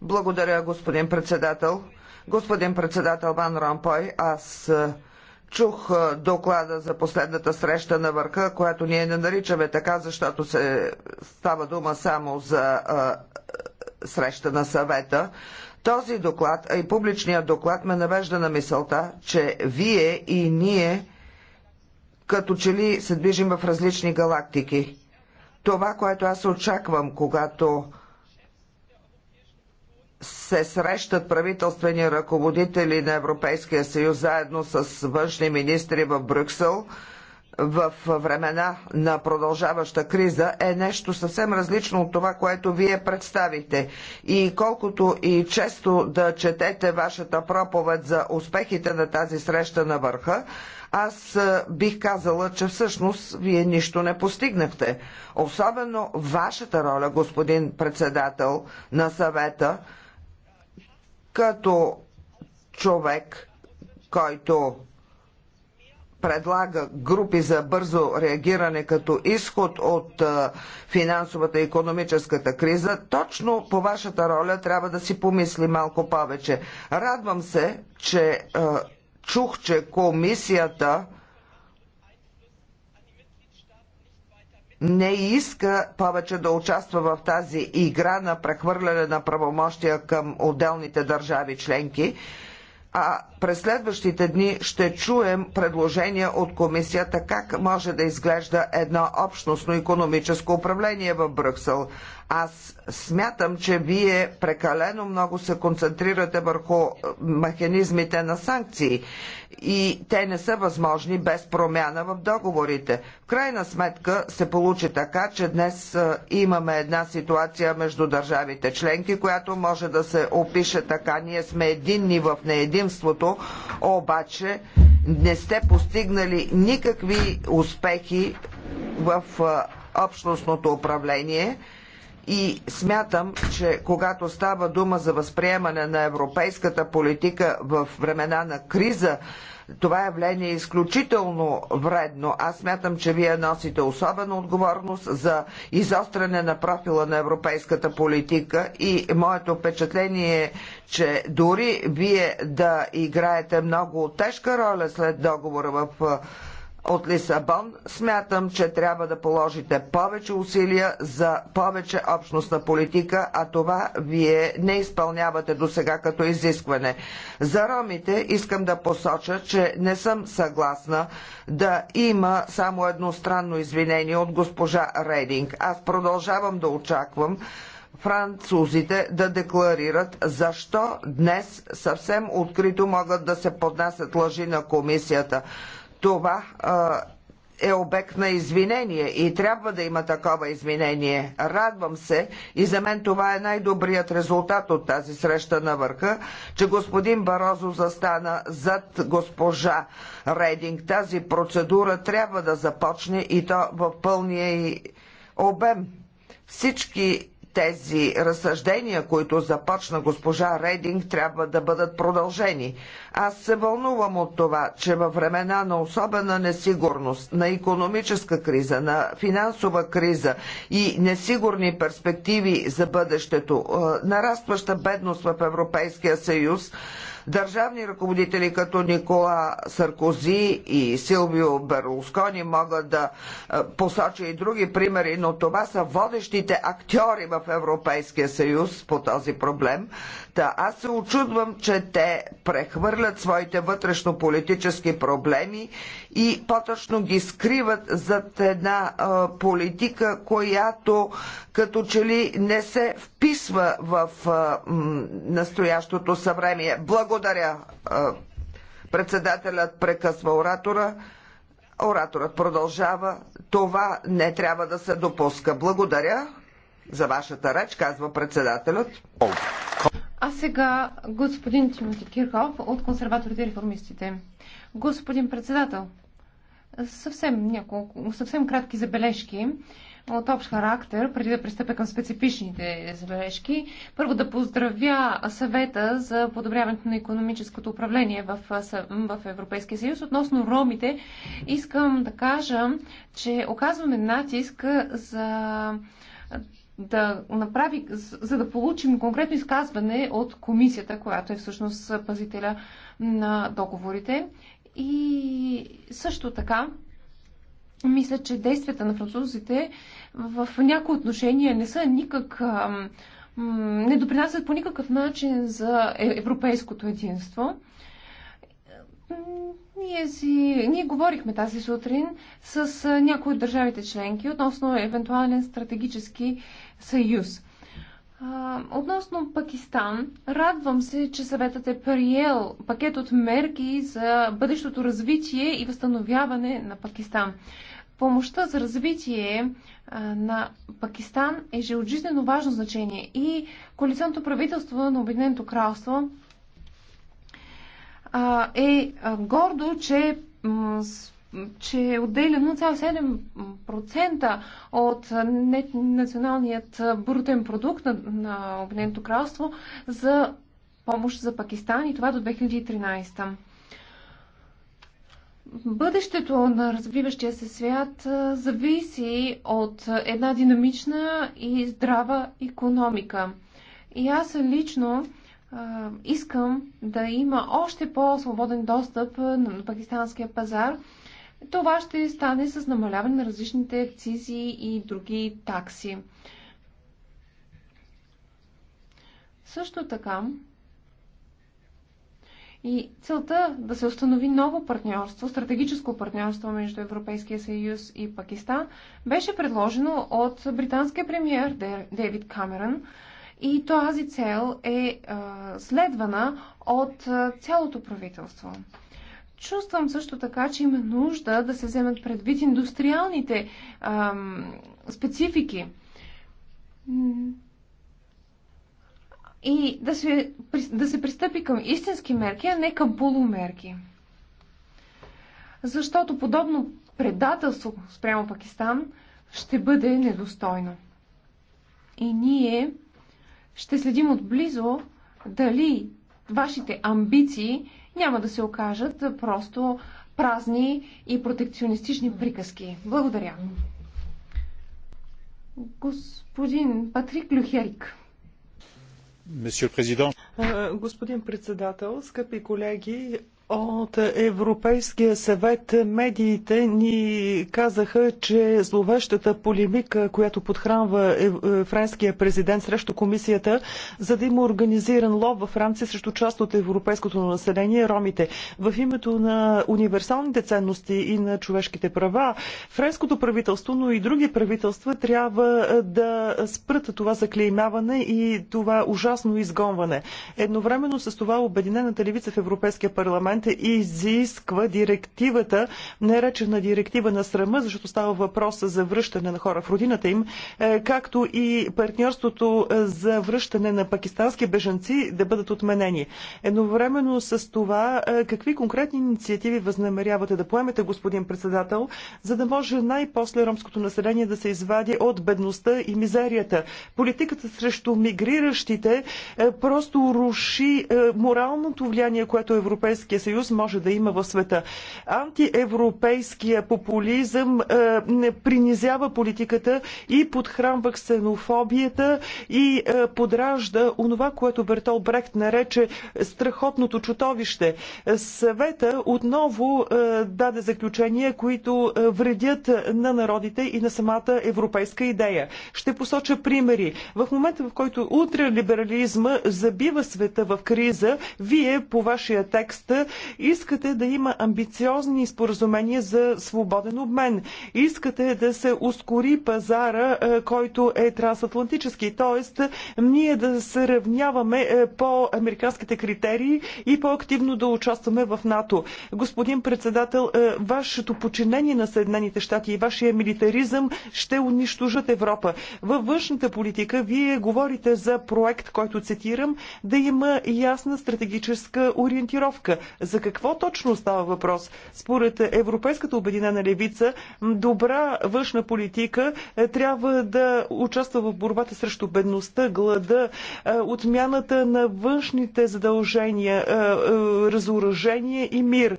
Благодаря, господин председател. Господин председател Ван Ромпой, аз е, чух доклада за последната среща на върха, която ние не наричаме така, защото се става дума само за среща на съвета. Този доклад, а и публичният доклад ме навежда на мисълта, че вие и ние като че ли се движим в различни галактики. Това, което аз очаквам, когато се срещат правителствени ръководители на Европейския съюз заедно с външни министри в Брюксел в времена на продължаваща криза е нещо съвсем различно от това, което вие представите. И колкото и често да четете вашата проповед за успехите на тази среща на върха, аз бих казала, че всъщност вие нищо не постигнахте. Особено вашата роля, господин председател на съвета, като човек, който предлага групи за бързо реагиране като изход от финансовата и економическата криза, точно по вашата роля трябва да си помисли малко повече. Радвам се, че чух, че комисията не иска повече да участва в тази игра на прехвърляне на правомощия към отделните държави членки, а през следващите дни ще чуем предложения от комисията как може да изглежда едно общностно економическо управление в Брюксел. Аз смятам, че вие прекалено много се концентрирате върху е, механизмите на санкции и те не са възможни без промяна в договорите. В крайна сметка се получи така, че днес е, имаме една ситуация между държавите членки, която може да се опише така. Ние сме единни в неединството, обаче не сте постигнали никакви успехи в е, общностното управление. И смятам, че когато става дума за възприемане на европейската политика в времена на криза, това явление е изключително вредно. Аз смятам, че вие носите особена отговорност за изостране на профила на европейската политика и моето впечатление е, че дори вие да играете много тежка роля след договора в от Лисабон, смятам, че трябва да положите повече усилия за повече общностна политика, а това вие не изпълнявате до сега като изискване. За ромите искам да посоча, че не съм съгласна да има само едностранно извинение от госпожа Рейдинг. Аз продължавам да очаквам французите да декларират защо днес съвсем открито могат да се поднасят лъжи на комисията. Това е обект на извинение и трябва да има такова извинение. Радвам се и за мен това е най-добрият резултат от тази среща на върха, че господин Барозо застана зад госпожа Рейдинг. Тази процедура трябва да започне и то в пълния и обем. Всички тези разсъждения, които започна госпожа Рейдинг, трябва да бъдат продължени. Аз се вълнувам от това, че във времена на особена несигурност, на економическа криза, на финансова криза и несигурни перспективи за бъдещето, е, нарастваща бедност в Европейския съюз, Държавни ръководители като Никола Саркози и Силвио Берлускони могат да е, посоча и други примери, но това са водещите актьори в Европейския съюз по този проблем. Та аз се очудвам, че те прехвърлят своите вътрешно-политически проблеми и по-точно ги скриват зад една а, политика, която като че ли не се вписва в а, м, настоящото съвремие. Благодаря. А, председателят прекъсва оратора. Ораторът продължава. Това не трябва да се допуска. Благодаря за вашата реч, казва председателят. А сега господин Тимоти Кирхов от консерваторите и реформистите. Господин председател, съвсем, няколко, съвсем кратки забележки от общ характер, преди да пристъпя към специфичните забележки. Първо да поздравя съвета за подобряването на економическото управление в, в Европейския съюз. Относно ромите, искам да кажа, че оказваме натиск за да направи, за да получим конкретно изказване от комисията, която е всъщност пазителя на договорите. И също така, мисля, че действията на французите в някои отношения не са никак. не допринасят по никакъв начин за е, европейското единство. Ние, си, ние говорихме тази сутрин с някои от държавите членки относно евентуален стратегически съюз. Относно Пакистан, радвам се, че съветът е приел пакет от мерки за бъдещото развитие и възстановяване на Пакистан. Помощта за развитие на Пакистан е жизнено важно значение и коалиционното правителство на Обединеното кралство е гордо, че че е отделено 0,7% от националният брутен продукт на, на Обединеното кралство за помощ за Пакистан и това до 2013. Бъдещето на развиващия се свят зависи от една динамична и здрава економика. И аз лично искам да има още по-свободен достъп на пакистанския пазар това ще стане с намаляване на различните акцизи и други такси. Също така, и целта да се установи ново партньорство, стратегическо партньорство между Европейския съюз и Пакистан, беше предложено от британския премьер Дейвид Камерън. И тази цел е, е следвана от цялото правителство. Чувствам също така, че има нужда да се вземат предвид индустриалните ам, специфики и да се, да се пристъпи към истински мерки, а не към полумерки. Защото подобно предателство спрямо Пакистан ще бъде недостойно. И ние ще следим отблизо дали вашите амбиции няма да се окажат просто празни и протекционистични приказки. Благодаря. Господин Патрик Люхерик. Господин председател, скъпи колеги, от Европейския съвет медиите ни казаха, че зловещата полемика, която подхранва е, е, френския президент срещу комисията, за да има организиран лоб във Франция срещу част от европейското население, ромите. В името на универсалните ценности и на човешките права, френското правителство, но и други правителства трябва е, да спрат това заклеймяване и това ужасно изгонване. Едновременно с това Обединената левица в Европейския парламент парламент изисква директивата, наречена директива на срама, защото става въпрос за връщане на хора в родината им, е, както и партньорството е, за връщане на пакистански бежанци да бъдат отменени. Едновременно с това, е, какви конкретни инициативи възнамерявате да поемете, господин председател, за да може най-после ромското население да се извади от бедността и мизерията? Политиката срещу мигриращите просто руши моралното влияние, което Европейския съюз може да има в света. Антиевропейския популизъм е, принизява политиката и подхранва ксенофобията и е, подражда онова, което Бертол Брехт нарече страхотното чутовище. Съвета отново е, даде заключения, които е, вредят на народите и на самата европейска идея. Ще посоча примери. В момента, в който ултралиберализма забива света в криза, вие по вашия текст Искате да има амбициозни споразумения за свободен обмен. Искате да се ускори пазара, е, който е трансатлантически. Тоест, ние да се равняваме е, по американските критерии и по-активно да участваме в НАТО. Господин председател, е, вашето подчинение на Съединените щати и вашия милитаризъм ще унищожат Европа. Във външната политика вие говорите за проект, който цитирам, да има ясна стратегическа ориентировка. За какво точно става въпрос? Според Европейската обединена левица, добра външна политика е, трябва да участва в борбата срещу бедността, глада, е, отмяната на външните задължения, е, разоръжение и мир.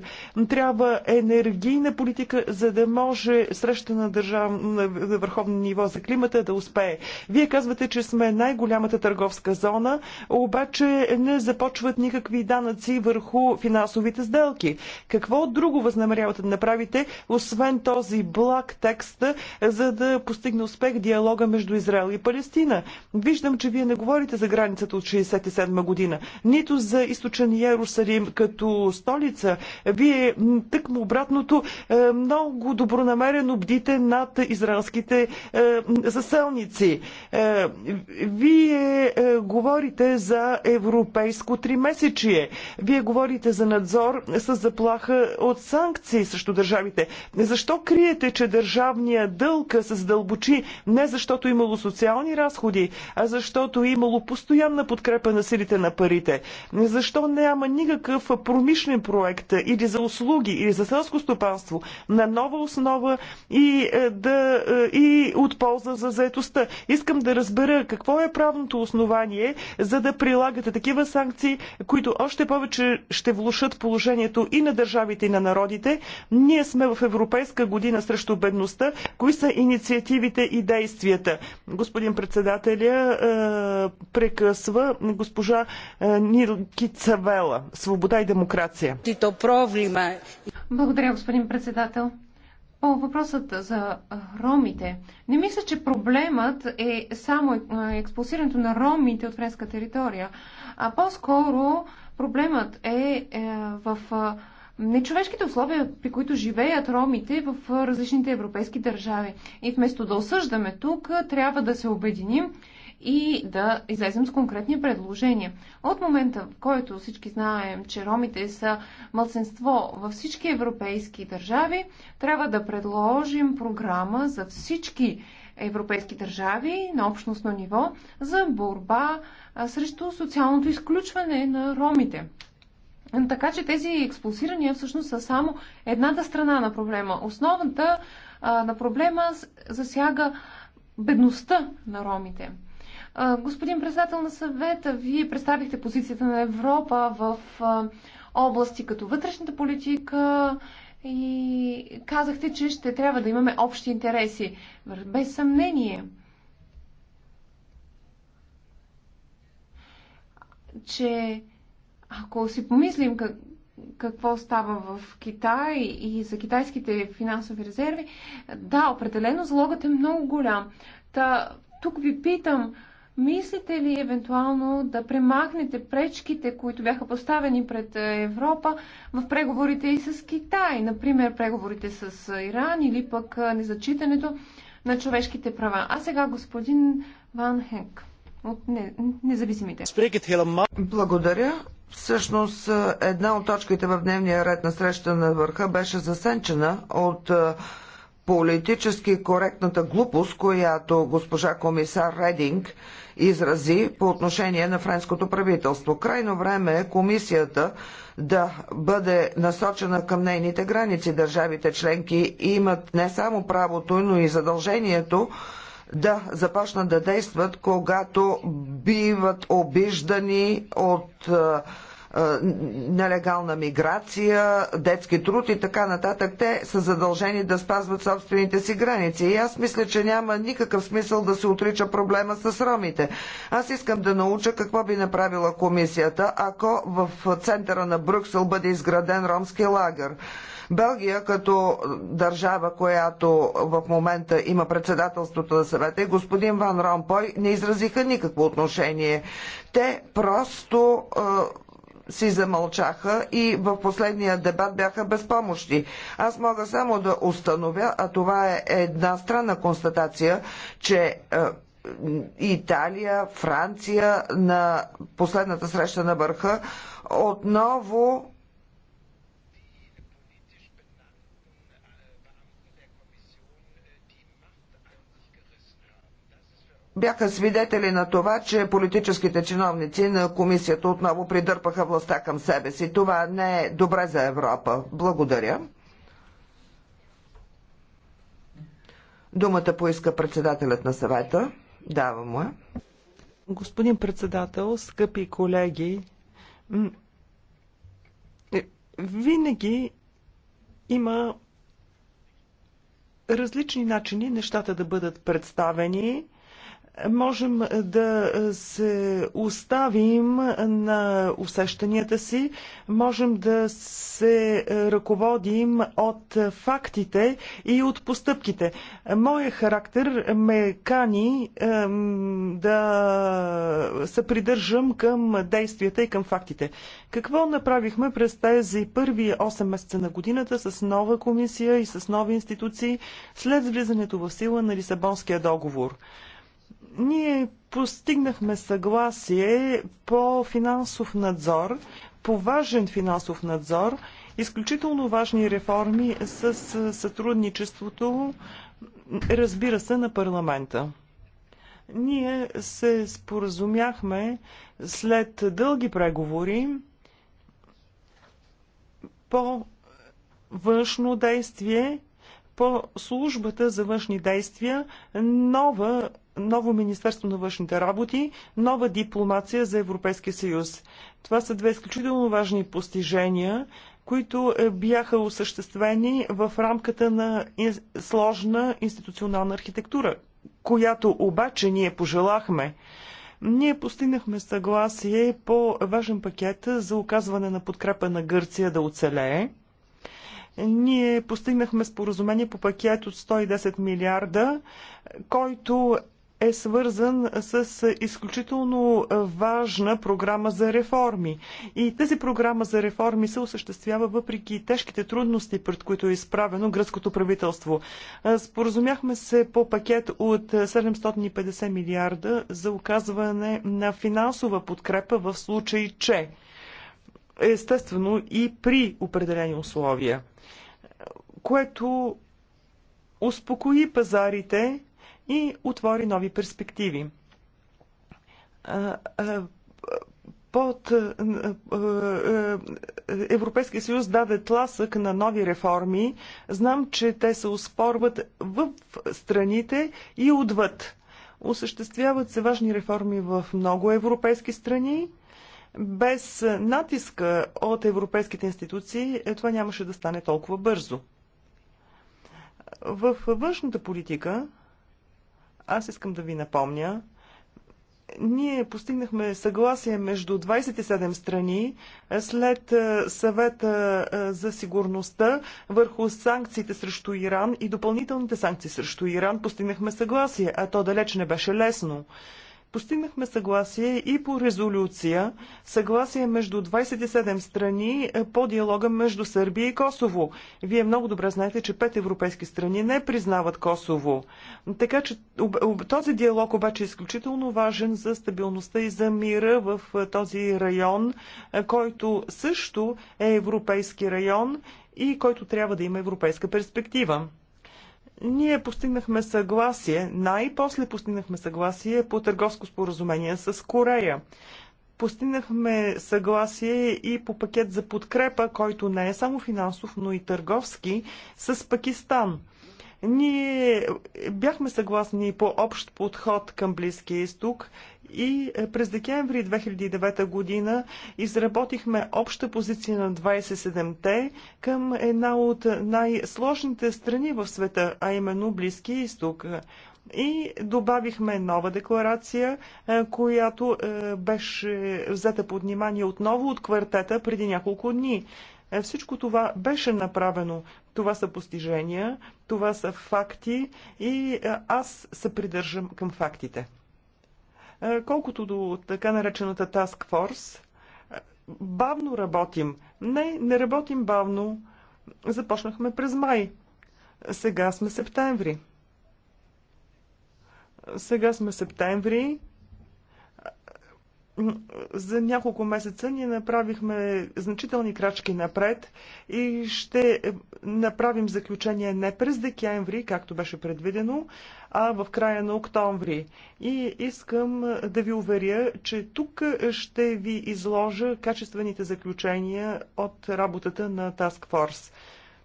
Трябва енергийна политика, за да може среща на, държавно на върховно ниво за климата да успее. Вие казвате, че сме най-голямата търговска зона, обаче не започват никакви данъци върху финансово финансовите сделки. Какво друго възнамерявате да направите, освен този благ текст, за да постигне успех диалога между Израел и Палестина? Виждам, че вие не говорите за границата от 67 година, нито за източен Ярусалим като столица. Вие тъкмо обратното е, много добронамерено бдите над израелските е, заселници. Е, вие говорите за европейско тримесечие. Вие говорите за надзор надзор с заплаха от санкции срещу държавите. Защо криете, че държавният дълг се задълбочи не защото имало социални разходи, а защото имало постоянна подкрепа на силите на парите? Защо няма никакъв промишлен проект или за услуги, или за селско стопанство на нова основа и, е, да, е, и от полза за заетостта? Искам да разбера какво е правното основание, за да прилагате такива санкции, които още повече ще влушат положението и на държавите, и на народите. Ние сме в Европейска година срещу бедността. Кои са инициативите и действията? Господин председателя е, прекъсва госпожа е, Нирки Цавела. Свобода и демокрация. Благодаря, господин председател. По въпросът за ромите. Не мисля, че проблемът е само е, експулсирането на ромите от френска територия, а по-скоро Проблемът е, е в нечовешките условия, при които живеят ромите в различните европейски държави. И вместо да осъждаме тук, трябва да се обединим и да излезем с конкретни предложения. От момента, в който всички знаем, че ромите са мълценство във всички европейски държави, трябва да предложим програма за всички европейски държави на общностно ниво за борба срещу социалното изключване на ромите. Така че тези експулсирания всъщност са само едната страна на проблема. Основната на проблема засяга бедността на ромите. Господин председател на съвета, вие представихте позицията на Европа в области като вътрешната политика и казахте, че ще трябва да имаме общи интереси. Без съмнение. че ако си помислим как, какво става в Китай и за китайските финансови резерви, да, определено залогът е много голям. Та, тук ви питам, Мислите ли евентуално да премахнете пречките, които бяха поставени пред е, Европа в преговорите и с Китай, например преговорите с е, Иран или пък е, незачитането на човешките права? А сега господин Ван Хенк от независимите. Благодаря. Всъщност една от точките в дневния ред на среща на върха беше засенчена от политически коректната глупост, която госпожа комисар Рединг изрази по отношение на френското правителство. Крайно време е комисията да бъде насочена към нейните граници. Държавите членки имат не само правото, но и задължението да започнат да действат, когато биват обиждани от нелегална миграция, детски труд и така нататък, те са задължени да спазват собствените си граници. И аз мисля, че няма никакъв смисъл да се отрича проблема с ромите. Аз искам да науча какво би направила комисията, ако в центъра на Брюксел бъде изграден ромски лагер. Белгия като държава, която в момента има председателството на съвета и господин Ван Ромпой не изразиха никакво отношение. Те просто си замълчаха и в последния дебат бяха безпомощни. Аз мога само да установя, а това е една странна констатация, че е, Италия, Франция на последната среща на върха отново бяха свидетели на това, че политическите чиновници на комисията отново придърпаха властта към себе си. Това не е добре за Европа. Благодаря. Думата поиска председателят на съвета. Дава му е. Господин председател, скъпи колеги, е, винаги има различни начини нещата да бъдат представени можем да се оставим на усещанията си, можем да се ръководим от фактите и от постъпките. Моя характер ме кани да се придържам към действията и към фактите. Какво направихме през тези първи 8 месеца на годината с нова комисия и с нови институции след влизането в сила на Лисабонския договор? Ние постигнахме съгласие по финансов надзор, по важен финансов надзор, изключително важни реформи с сътрудничеството, разбира се, на парламента. Ние се споразумяхме след дълги преговори по външно действие – по службата за външни действия, нова, ново Министерство на външните работи, нова дипломация за Европейския съюз. Това са две изключително важни постижения, които е, бяха осъществени в рамката на сложна институционална архитектура, която обаче ние пожелахме. Ние постигнахме съгласие по важен пакет за оказване на подкрепа на Гърция да оцелее. Ние постигнахме споразумение по пакет от 110 милиарда, който е свързан с изключително важна програма за реформи. И тази програма за реформи се осъществява въпреки тежките трудности, пред които е изправено гръцкото правителство. Споразумяхме се по пакет от 750 милиарда за оказване на финансова подкрепа в случай, че естествено и при определени условия, което успокои пазарите и отвори нови перспективи. Под Европейския съюз даде тласък на нови реформи. Знам, че те се успорват в страните и отвъд. Осъществяват се важни реформи в много европейски страни без натиска от европейските институции е, това нямаше да стане толкова бързо. В външната политика, аз искам да ви напомня, ние постигнахме съгласие между 27 страни е, след е, съвета за сигурността върху санкциите срещу Иран и допълнителните санкции срещу Иран. Постигнахме съгласие, а то далеч не беше лесно. Постигнахме съгласие и по резолюция, съгласие между 27 страни е, по диалога между Сърбия и Косово. Вие много добре знаете, че пет европейски страни не признават Косово. Така че този диалог обаче е изключително важен за стабилността и за мира в е, този район, е, който също е европейски район и който трябва да има европейска перспектива. Ние постигнахме съгласие, най-после постигнахме съгласие по търговско споразумение с Корея. Постигнахме съгласие и по пакет за подкрепа, който не е само финансов, но и търговски, с Пакистан. Ние бяхме съгласни по общ подход към Близкия изток и е, през декември 2009 година изработихме обща позиция на 27-те към една от най-сложните страни в света, а именно Близкия изток. И добавихме нова декларация, е, която е, беше взета под внимание отново от квартета преди няколко дни. Всичко това беше направено. Това са постижения, това са факти и аз се придържам към фактите. Е, колкото до така наречената Task Force, е, бавно работим. Не, не работим бавно. Започнахме през май. Сега сме септември. Сега сме септември. Е, за няколко месеца ние направихме значителни крачки напред и ще направим заключение не през декември, както беше предвидено, а в края на октомври. И искам да ви уверя, че тук ще ви изложа качествените заключения от работата на Task Force.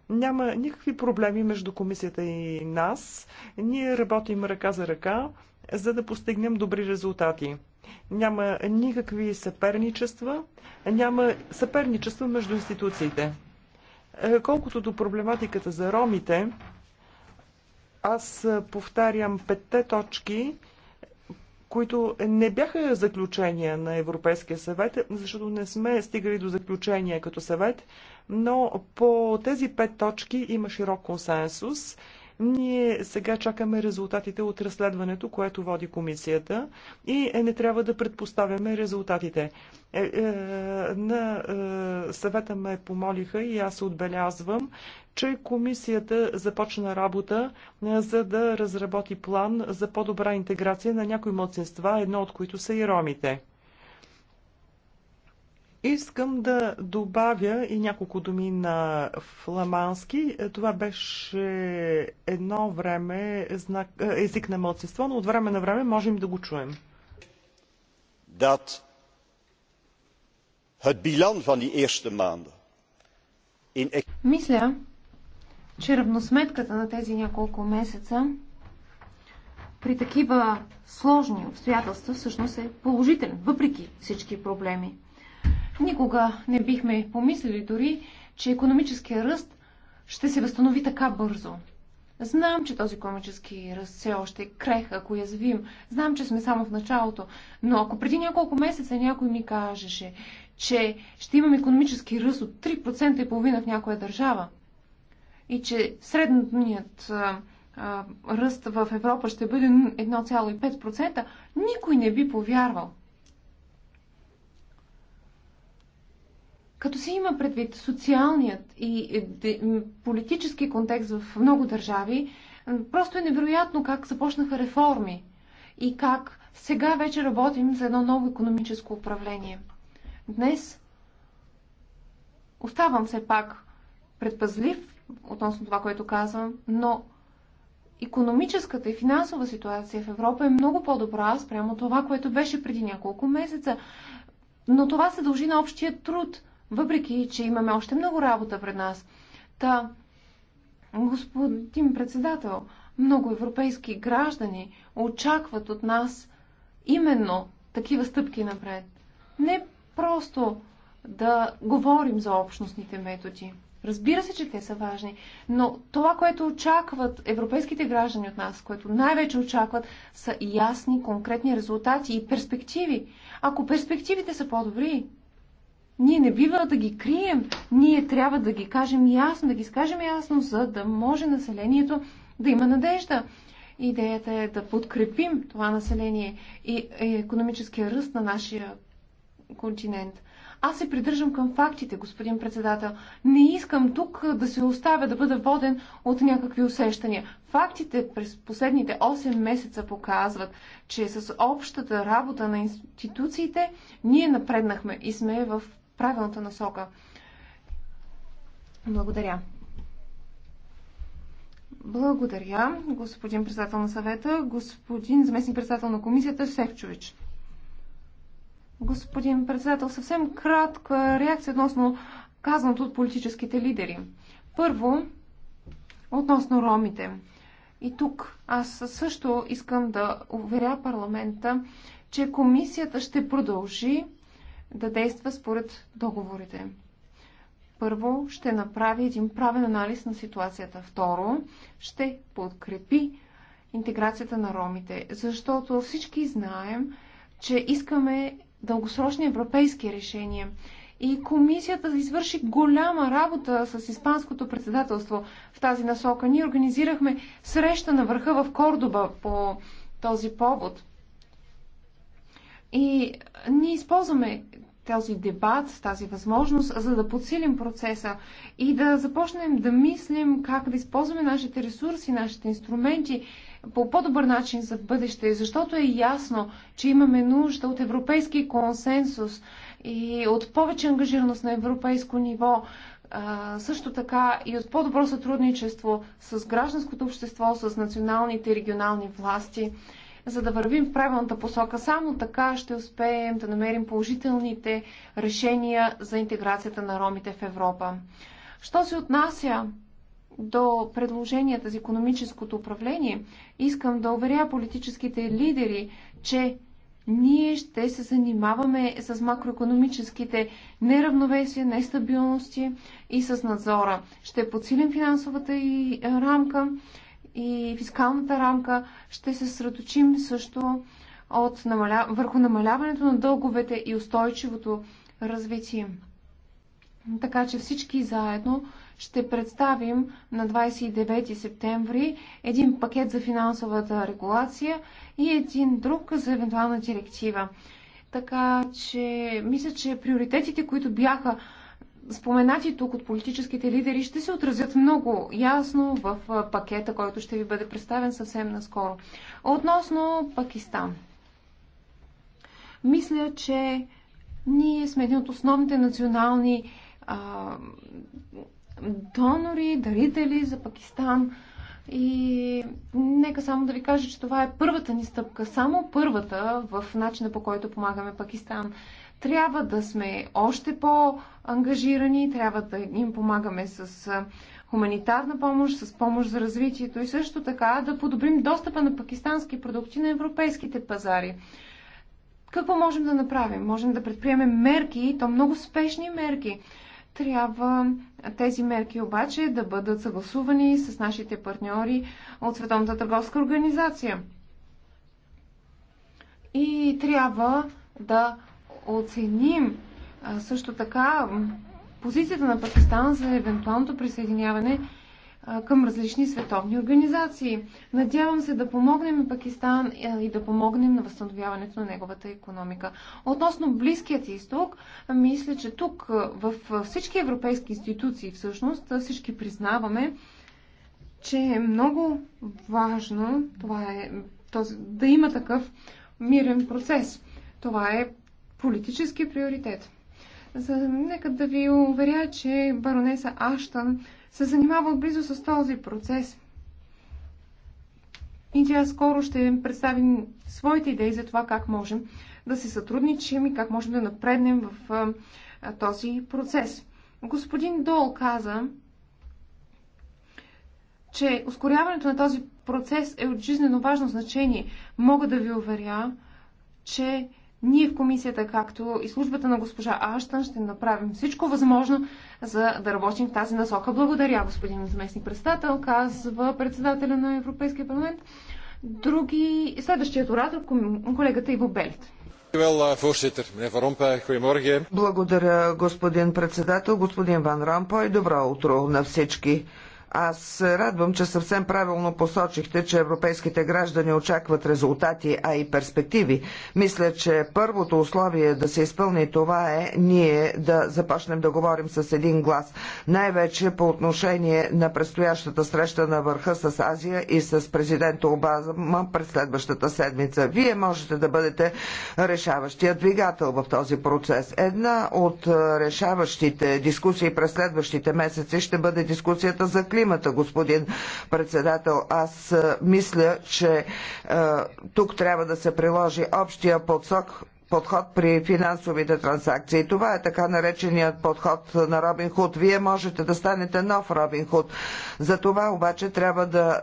Няма никакви проблеми между комисията и нас. Ние работим ръка за ръка, за да постигнем добри резултати. Няма никакви съперничества, няма съперничества между институциите. Колкото до проблематиката за ромите, аз повтарям петте точки, които не бяха заключения на Европейския съвет, защото не сме стигали до заключения като съвет, но по тези пет точки има широк консенсус. Ние сега чакаме резултатите от разследването, което води комисията и не трябва да предпоставяме резултатите. Е, е, на е, съвета ме помолиха и аз отбелязвам, че комисията започна работа за да разработи план за по-добра интеграция на някои младсинства, едно от които са и ромите. Искам да добавя и няколко думи на фламански. Това беше едно време знак, език на младсинство, но от време на време можем да го чуем. Dat het bilan van die eerste maanden in... Мисля, че равносметката на тези няколко месеца при такива сложни обстоятелства всъщност е положителен, въпреки всички проблеми. Никога не бихме помислили дори, че економическия ръст ще се възстанови така бързо. Знам, че този економически ръст все още е крех, ако я завим. Знам, че сме само в началото. Но ако преди няколко месеца някой ми кажеше, че ще имам економически ръст от 3% и половина в някоя държава, и че средният ръст в Европа ще бъде 1,5%, никой не би повярвал. Като се има предвид социалният и е, политически контекст в много държави, просто е невероятно как започнаха реформи и как сега вече работим за едно ново економическо управление. Днес оставам все пак предпазлив относно това, което казвам, но економическата и финансова ситуация в Европа е много по-добра спрямо това, което беше преди няколко месеца. Но това се дължи на общия труд, въпреки че имаме още много работа пред нас. Та, господин председател, много европейски граждани очакват от нас именно такива стъпки напред. Не просто да говорим за общностните методи. Разбира се, че те са важни, но това, което очакват европейските граждани от нас, което най-вече очакват, са ясни, конкретни резултати и перспективи. Ако перспективите са по-добри, ние не бива да ги крием, ние трябва да ги кажем ясно, да ги скажем ясно, за да може населението да има надежда. Идеята е да подкрепим това население и економическия ръст на нашия континент – аз се придържам към фактите, господин председател. Не искам тук да се оставя да бъда воден от някакви усещания. Фактите през последните 8 месеца показват, че с общата работа на институциите ние напреднахме и сме в правилната насока. Благодаря. Благодаря, господин председател на съвета, господин заместник председател на комисията Севчович. Господин председател, съвсем кратка реакция относно казаното от политическите лидери. Първо, относно ромите. И тук аз също искам да уверя парламента, че комисията ще продължи да действа според договорите. Първо, ще направи един правен анализ на ситуацията. Второ, ще подкрепи интеграцията на ромите, защото всички знаем, че искаме дългосрочни европейски решения. И комисията извърши голяма работа с Испанското председателство в тази насока. Ние организирахме среща на върха в Кордоба по този повод. И ние използваме този дебат, тази възможност, за да подсилим процеса и да започнем да мислим как да използваме нашите ресурси, нашите инструменти, по по-добър начин за бъдеще, защото е ясно, че имаме нужда от европейски консенсус и от повече ангажираност на европейско ниво, а, също така и от по-добро сътрудничество с гражданското общество, с националните и регионални власти, за да вървим в правилната посока. Само така ще успеем да намерим положителните решения за интеграцията на ромите в Европа. Що се отнася до предложенията за економическото управление, искам да уверя политическите лидери, че ние ще се занимаваме с макроекономическите неравновесия, нестабилности и с надзора. Ще подсилим финансовата и рамка и фискалната рамка. Ще се средочим също от намаля... върху намаляването на дълговете и устойчивото развитие. Така че всички заедно ще представим на 29 септември един пакет за финансовата регулация и един друг за евентуална директива. Така че мисля, че приоритетите, които бяха споменати тук от политическите лидери, ще се отразят много ясно в пакета, който ще ви бъде представен съвсем наскоро. Относно Пакистан. Мисля, че ние сме един от основните национални а, донори, дарители за Пакистан. И нека само да ви кажа, че това е първата ни стъпка, само първата в начина по който помагаме Пакистан. Трябва да сме още по-ангажирани, трябва да им помагаме с хуманитарна помощ, с помощ за развитието и също така да подобрим достъпа на пакистански продукти на европейските пазари. Какво можем да направим? Можем да предприемем мерки, то много спешни мерки. Трябва тези мерки обаче да бъдат съгласувани с нашите партньори от Световната търговска организация. И трябва да оценим също така позицията на Пакистан за евентуалното присъединяване към различни световни организации. Надявам се да помогнем на Пакистан и да помогнем на възстановяването на неговата економика. Относно Близкият изток, мисля, че тук в всички европейски институции всъщност всички признаваме, че е много важно това е, този, да има такъв мирен процес. Това е политически приоритет. За, нека да ви уверя, че баронеса Аштън се занимава близо с този процес. И тя скоро ще представи своите идеи за това как можем да се сътрудничим и как можем да напреднем в а, този процес. Господин Дол каза, че ускоряването на този процес е от жизнено важно значение. Мога да ви уверя, че ние в комисията, както и службата на госпожа Аштън, ще направим всичко възможно, за да работим в тази насока. Благодаря, господин заместник председател, казва председателя на Европейския парламент. Други... Следващият оратор, колегата Иво Белет. Благодаря, господин председател, господин Ван Рампой. Добро утро на всички. Аз се радвам, че съвсем правилно посочихте, че европейските граждани очакват резултати, а и перспективи. Мисля, че първото условие да се изпълни това е ние да започнем да говорим с един глас. Най-вече по отношение на предстоящата среща на върха с Азия и с президента Обама през следващата седмица. Вие можете да бъдете решаващия двигател в този процес. Една от решаващите дискусии през следващите месеци ще бъде дискусията за климата климата, господин председател. Аз е, мисля, че е, тук трябва да се приложи общия подсок подход при финансовите транзакции. Това е така нареченият подход на Робин Худ. Вие можете да станете нов Робин Худ. За това обаче трябва да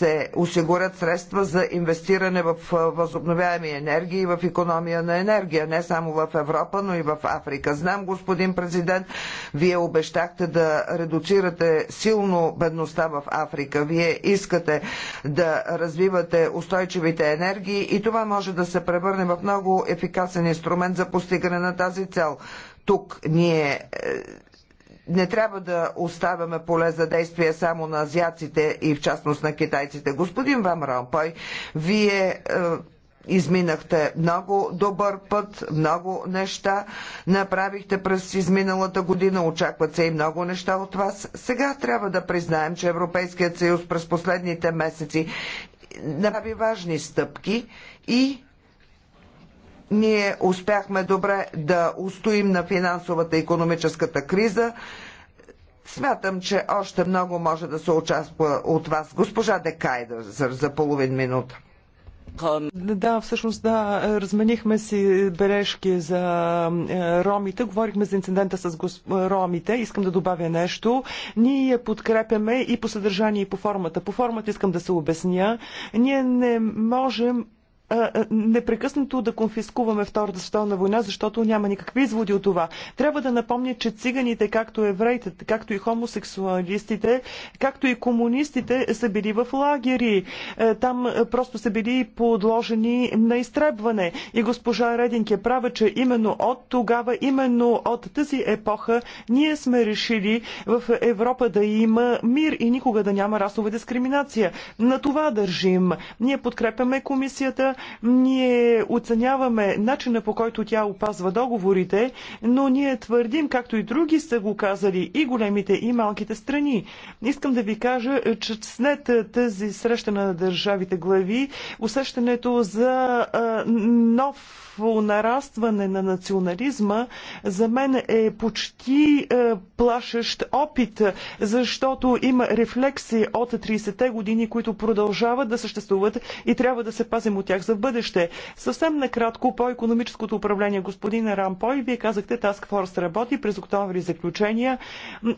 се осигурят средства за инвестиране в възобновяеми енергии и в економия на енергия, не само в Европа, но и в Африка. Знам, господин президент, вие обещахте да редуцирате силно бедността в Африка. Вие искате да развивате устойчивите енергии и това може да се превърне в много ефикасен инструмент за постигане на тази цел. Тук ние е, не трябва да оставяме поле за действие само на азиаците и в частност на китайците. Господин Вам Ромпой, вие е, изминахте много добър път, много неща направихте през изминалата година, очакват се и много неща от вас. Сега трябва да признаем, че Европейският съюз през последните месеци направи важни стъпки и ние успяхме добре да устоим на финансовата и економическата криза. Смятам, че още много може да се участва от вас. Госпожа Декайда за половин минута. Да, всъщност да, разменихме си бележки за е, ромите. Говорихме за инцидента с е, ромите. Искам да добавя нещо. Ние подкрепяме и по съдържание, и по формата. По формата искам да се обясня. Ние не можем непрекъснато да конфискуваме Втората световна война, защото няма никакви изводи от това. Трябва да напомня, че циганите, както евреите, както и хомосексуалистите, както и комунистите са били в лагери. Е, там е, просто са били подложени на изтребване. И госпожа Рединг е права, че именно от тогава, именно от тази епоха, ние сме решили в Европа да има мир и никога да няма расова дискриминация. На това държим. Ние подкрепяме комисията, ние оценяваме начина по който тя опазва договорите, но ние твърдим, както и други са го казали, и големите, и малките страни. Искам да ви кажа, че след тази среща на държавите глави, усещането за нов нарастване на национализма за мен е почти е, плашещ опит, защото има рефлекси от 30-те години, които продължават да съществуват и трябва да се пазим от тях за бъдеще. Съвсем накратко по економическото управление, господин Рампой, вие казахте, Task Force работи през октомври заключения.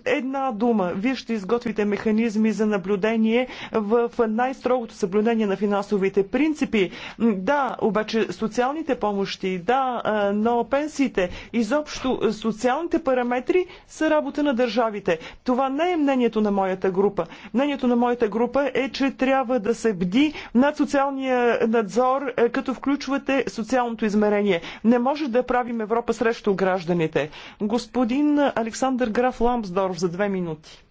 Една дума, вие ще изготвите механизми за наблюдение в най-строгото съблюдение на финансовите принципи. Да, обаче социалните помощи помощи, да, но пенсиите, изобщо социалните параметри са работа на държавите. Това не е мнението на моята група. Мнението на моята група е, че трябва да се бди над социалния надзор, като включвате социалното измерение. Не може да правим Европа срещу гражданите. Господин Александър Граф Ламсдорф за две минути.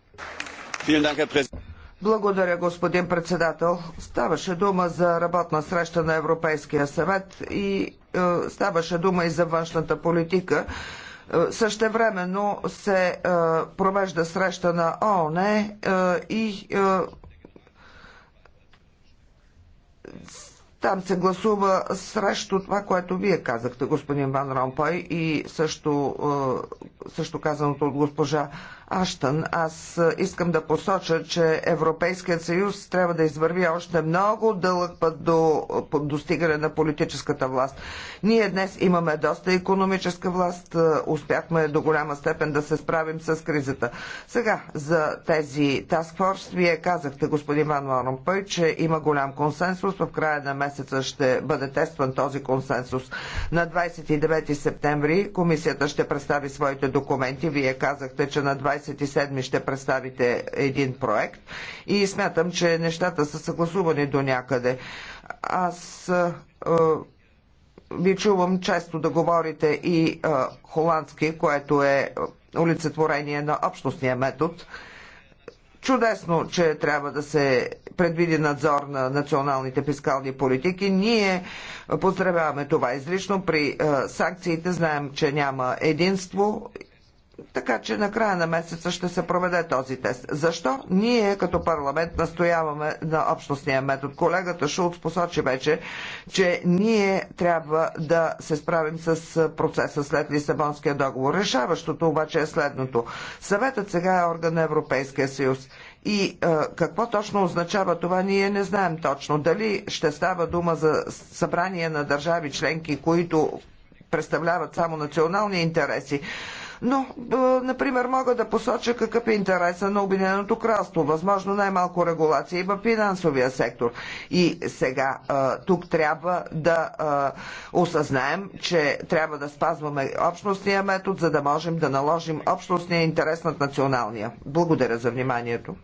Благодаря, господин председател. Ставаше дума за работна среща на Европейския съвет и е, ставаше дума и за външната политика. Е, същевременно се е, провежда среща на ООН и там се гласува срещу това, което вие казахте, господин Ван Ромпой, и също също казаното от госпожа Аштън. Аз искам да посоча, че Европейският съюз трябва да извърви още много дълъг път до достигане на политическата власт. Ние днес имаме доста економическа власт, успяхме до голяма степен да се справим с кризата. Сега, за тези таскфорс, вие казахте, господин Ван Лоромпъй, че има голям консенсус. В края на месеца ще бъде тестван този консенсус. На 29 септември комисията ще представи своите документи. Вие казахте, че на 27 ще представите един проект и смятам, че нещата са съгласувани до някъде. Аз ви чувам често да говорите и холандски, което е олицетворение на общностния метод. Чудесно, че трябва да се предвиди надзор на националните фискални политики. Ние поздравяваме това излишно. При санкциите знаем, че няма единство така че на края на месеца ще се проведе този тест. Защо ние като парламент настояваме на общностния метод? Колегата Шулц посочи вече, че ние трябва да се справим с процеса след Лисабонския договор. Решаващото обаче е следното. Съветът сега е орган на Европейския съюз. И е, какво точно означава това, ние не знаем точно. Дали ще става дума за събрание на държави членки, които представляват само национални интереси, но, например, мога да посоча какъв е интереса на Обединеното кралство. Възможно най-малко регулация и в финансовия сектор. И сега тук трябва да осъзнаем, че трябва да спазваме общностния метод, за да можем да наложим общностния интерес над националния. Благодаря за вниманието.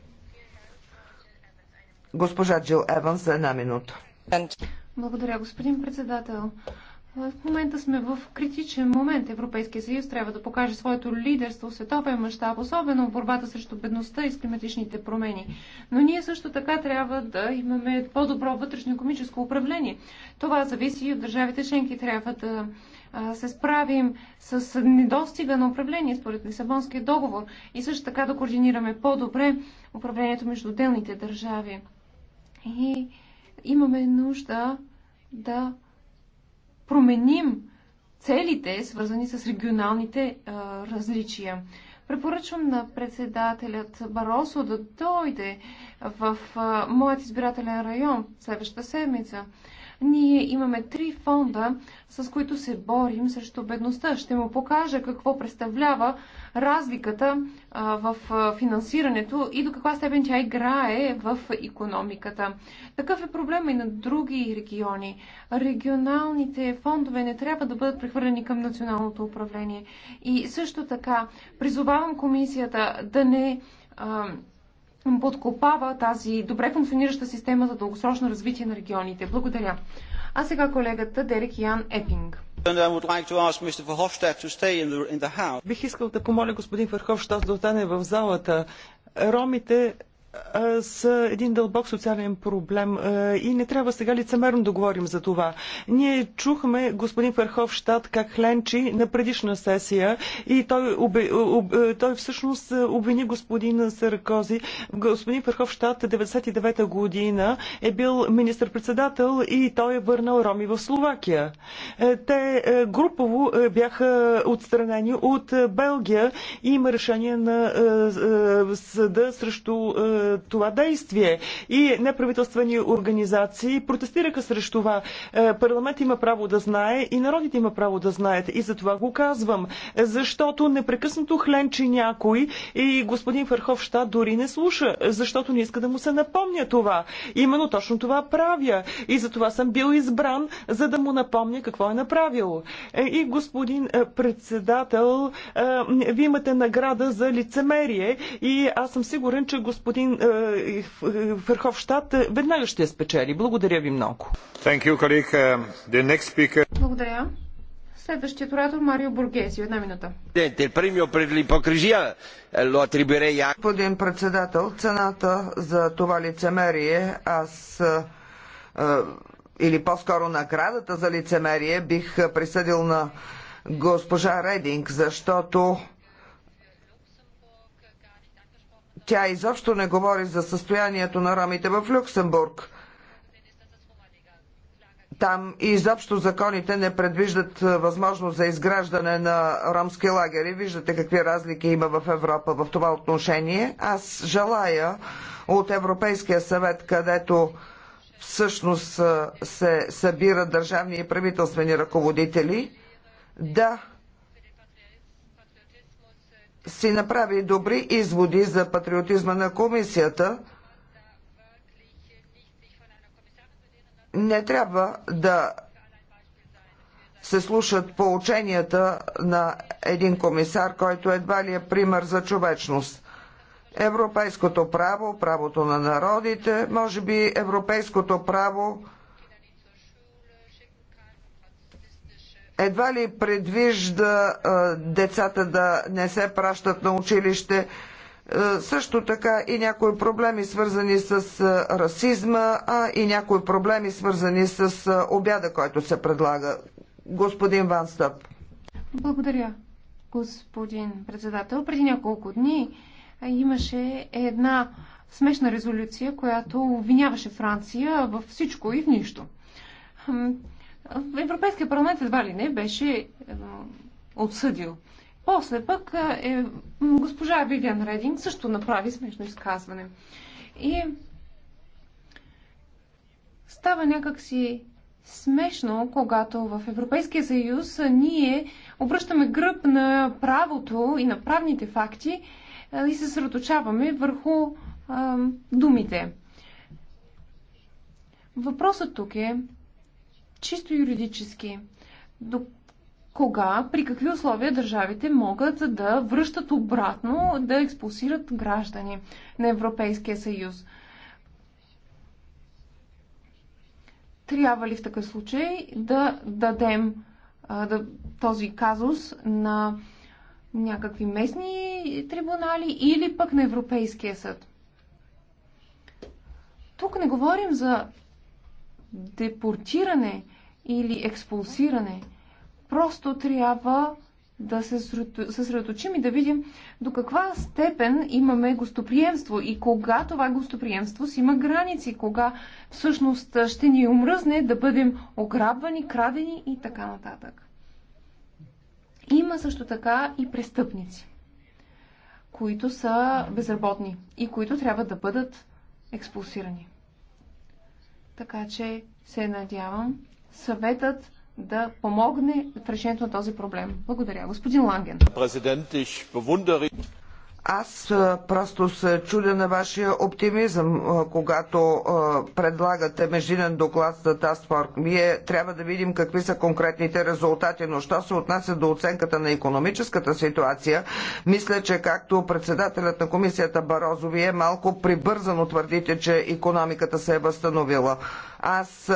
Госпожа Джил Еванс за една минута. Благодаря, господин председател. В момента сме в критичен момент. Европейския съюз трябва да покаже своето лидерство в световен мащаб, особено в борбата срещу бедността и с климатичните промени. Но ние също така трябва да имаме по-добро вътрешно економическо управление. Това зависи и от държавите членки. Трябва да се справим с недостига на управление според Лисабонския договор и също така да координираме по-добре управлението между отделните държави. И имаме нужда да променим целите, свързани с регионалните а, различия. Препоръчвам на председателят Баросо да дойде в а, моят избирателен район следващата седмица. Ние имаме три фонда, с които се борим срещу бедността. Ще му покажа какво представлява разликата в финансирането и до каква степен тя играе в економиката. Такъв е проблема и на други региони. Регионалните фондове не трябва да бъдат прехвърлени към националното управление. И също така призовавам комисията да не подкопава тази добре функционираща система за дългосрочно развитие на регионите. Благодаря. А сега колегата Дерек Ян Епинг. Бих искал да помоля господин Върховщад да остане в залата. Ромите с един дълбок социален проблем и не трябва сега лицемерно да говорим за това. Ние чухме господин Ферховщад как хленчи на предишна сесия и той, оби, об, той всъщност обвини господин Саркози. Господин Ферховщад 99-та година е бил министр-председател и той е върнал роми в Словакия. Те групово бяха отстранени от Белгия и има решение на съда срещу е, това действие. И неправителствени организации протестираха срещу това. Е, парламент има право да знае и народите има право да знаят. И за това го казвам. Защото непрекъснато хленчи някой и господин Ферховщад дори не слуша, защото не иска да му се напомня това. Именно точно това правя. И за това съм бил избран, за да му напомня какво е направил. Е, и господин председател, вие имате награда за лицемерие и аз съм сигурен, че господин господин е, е, е, веднага ще я спечели. Благодаря ви много. You, е, Благодаря. Следващият оратор Марио Бургези. Една минута. Господин председател, цената за това лицемерие аз или по-скоро наградата за лицемерие бих присъдил на госпожа Рединг, защото Тя изобщо не говори за състоянието на ромите в Люксембург. Там изобщо законите не предвиждат е, възможност за изграждане на ромски лагери. Виждате какви разлики има в Европа в това отношение. Аз желая от Европейския съвет, където всъщност е, се събират държавни и правителствени ръководители, да си направи добри изводи за патриотизма на комисията. Не трябва да се слушат поученията на един комисар, който едва ли е пример за човечност. Европейското право, правото на народите, може би европейското право едва ли предвижда децата да не се пращат на училище. Също така и някои проблеми свързани с расизма, а и някои проблеми свързани с обяда, който се предлага. Господин Ван Стъп. Благодаря, господин председател. Преди няколко дни имаше една смешна резолюция, която обвиняваше Франция във всичко и в нищо. Европейския парламент едва ли не беше е, отсъдил. После пък е, е, госпожа Вивиан Рединг също направи смешно изказване. И става някакси смешно, когато в Европейския съюз ние обръщаме гръб на правото и на правните факти е, и се съсредоточаваме върху а, думите. Въпросът тук е Чисто юридически, до кога, при какви условия държавите могат да връщат обратно, да експулсират граждани на Европейския съюз? Трябва ли в такъв случай да дадем а, да, този казус на някакви местни трибунали или пък на Европейския съд? Тук не говорим за депортиране или експулсиране. Просто трябва да се съсредоточим и да видим до каква степен имаме гостоприемство и кога това гостоприемство си има граници, кога всъщност ще ни умръзне да бъдем ограбвани, крадени и така нататък. Има също така и престъпници, които са безработни и които трябва да бъдат експулсирани. Така че се надявам съветът да помогне в решението на този проблем. Благодаря. Господин Ланген. Аз просто се чудя на вашия оптимизъм, когато предлагате междинен доклад за Таспорт. Ние трябва да видим какви са конкретните резултати, но що се отнася до оценката на економическата ситуация, мисля, че както председателят на комисията Барозо вие малко прибързано твърдите, че економиката се е възстановила. Аз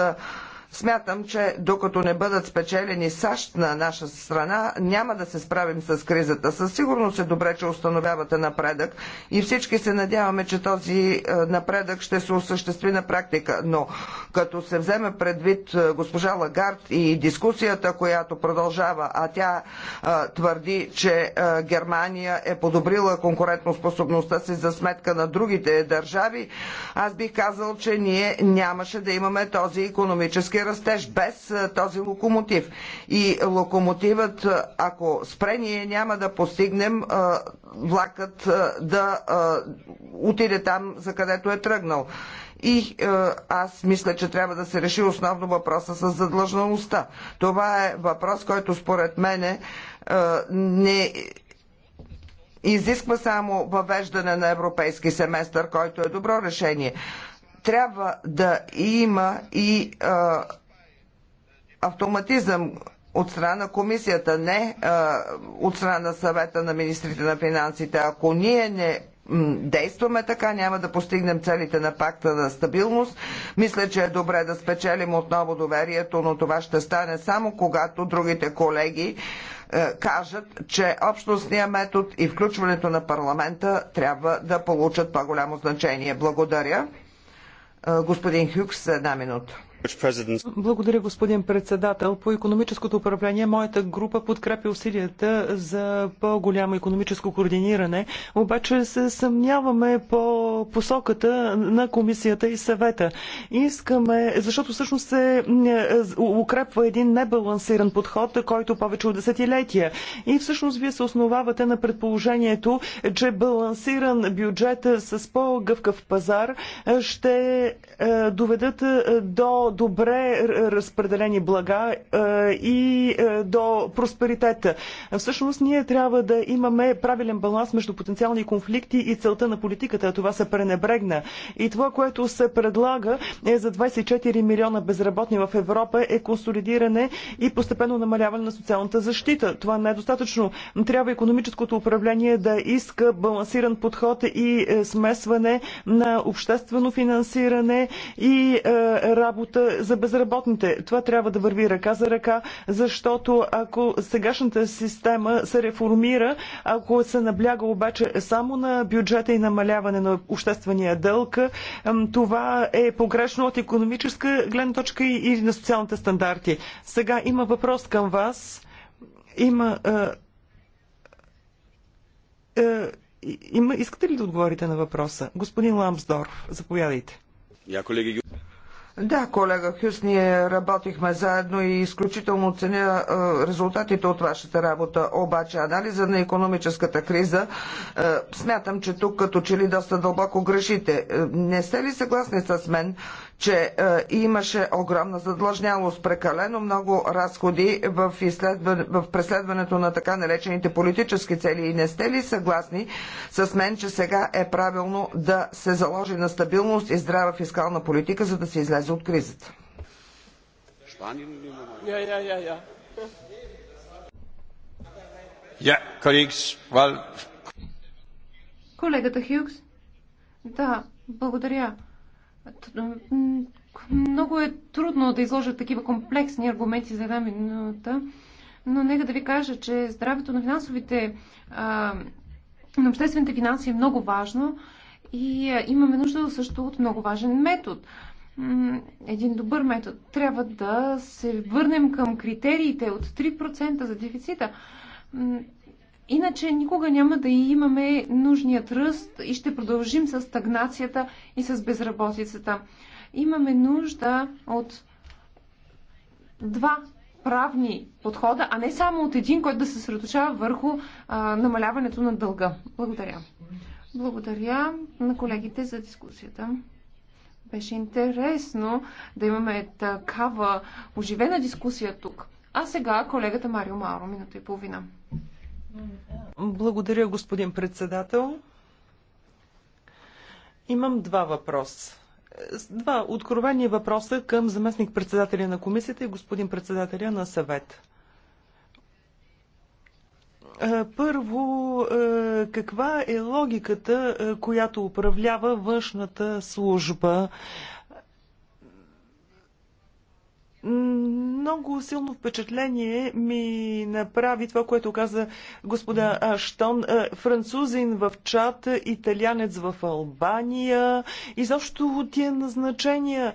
Смятам, че докато не бъдат спечелени САЩ на наша страна, няма да се справим с кризата. Със сигурност е добре, че установявате напредък и всички се надяваме, че този е, напредък ще се осъществи на практика. Но като се вземе предвид е, госпожа Лагард и дискусията, която продължава, а тя а, е, твърди, че а, Германия е подобрила конкурентоспособността си за сметка на другите държави, аз бих казал, че ние нямаше да имаме този економически растеж без този локомотив. И локомотивът, ако спре, ние няма да постигнем влакът да отиде там, за където е тръгнал. И е, аз мисля, че трябва да се реши основно въпроса с задлъжналостта. Това е въпрос, който според мене е, не изисква само въвеждане на европейски семестър, който е добро решение трябва да има и а, автоматизъм от страна на комисията, не а, от страна на съвета на министрите на финансите. Ако ние не действаме така, няма да постигнем целите на пакта на стабилност. Мисля, че е добре да спечелим отново доверието, но това ще стане само когато другите колеги е, кажат, че общностния метод и включването на парламента трябва да получат по-голямо значение. Благодаря. Господин Хюкс, една минута. Благодаря, господин председател. По економическото управление моята група подкрепи усилията за по-голямо економическо координиране, обаче се съмняваме по посоката на комисията и съвета. Искаме, защото всъщност се е, е, укрепва един небалансиран подход, който повече от десетилетия. И всъщност вие се основавате на предположението, че балансиран бюджет с по-гъвкав пазар ще е, доведат до по-добре разпределени блага е, и е, до просперитета. Всъщност ние трябва да имаме правилен баланс между потенциални конфликти и целта на политиката, това се пренебрегна. И това, което се предлага е за 24 милиона безработни в Европа е консолидиране и постепенно намаляване на социалната защита. Това не е достатъчно. Трябва економическото управление да иска балансиран подход и е, смесване на обществено финансиране и работа е за безработните. Това трябва да върви ръка за ръка, защото ако сегашната система се реформира, ако се набляга обаче само на бюджета и намаляване на обществения дълг, това е погрешно от економическа гледна точка и на социалните стандарти. Сега има въпрос към вас. Има. Е, е, има искате ли да отговорите на въпроса? Господин Ламсдорф, заповядайте. Я, колеги, да, колега Хюс, ние работихме заедно и изключително оценя резултатите от вашата работа. Обаче анализа на економическата криза, смятам, че тук като че ли доста дълбоко грешите. Е, не сте ли съгласни с мен, че е, имаше огромна задлъжнялост, прекалено много разходи в, в преследването на така наречените политически цели. И не сте ли съгласни с мен, че сега е правилно да се заложи на стабилност и здрава фискална политика, за да се излезе от кризата? Колегата Хюкс? Да, благодаря. Много е трудно да изложа такива комплексни аргументи за една минута, но нека да ви кажа, че здравето на финансовите, на обществените финанси е много важно и имаме нужда също от много важен метод. Един добър метод. Трябва да се върнем към критериите от 3% за дефицита. Иначе никога няма да имаме нужният ръст и ще продължим с стагнацията и с безработицата. Имаме нужда от два правни подхода, а не само от един, който да се средочава върху а, намаляването на дълга. Благодаря. Благодаря на колегите за дискусията. Беше интересно да имаме такава оживена дискусия тук. А сега колегата Марио Мауро, минута и половина. Благодаря, господин председател. Имам два въпроса. Два откровени въпроса към заместник председателя на комисията и господин председателя на съвет. Е, първо, е, каква е логиката, е, която управлява външната служба? Много силно впечатление ми направи това, което каза господа Аштон, е, французин в чат, италянец в Албания. Изобщо тия назначения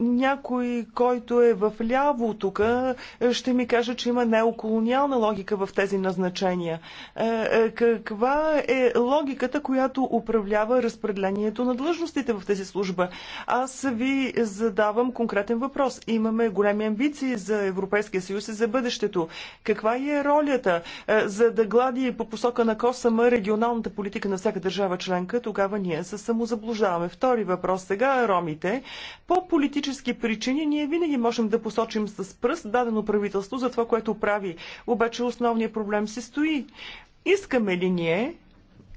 някой, който е в ляво тук, ще ми каже, че има неоколониална логика в тези назначения. Е, е, каква е логиката, която управлява разпределението на длъжностите в тези служба? Аз ви задавам конкретен въпрос. Имаме големи амбиции за Европейския съюз и за бъдещето. Каква е ролята е, за да глади по посока на косама регионалната политика на всяка държава членка? Тогава ние се самозаблуждаваме. Втори въпрос сега ромите. По политически причини ние винаги можем да посочим с пръст дадено правителство за това, което прави. Обаче основният проблем се стои. Искаме ли ние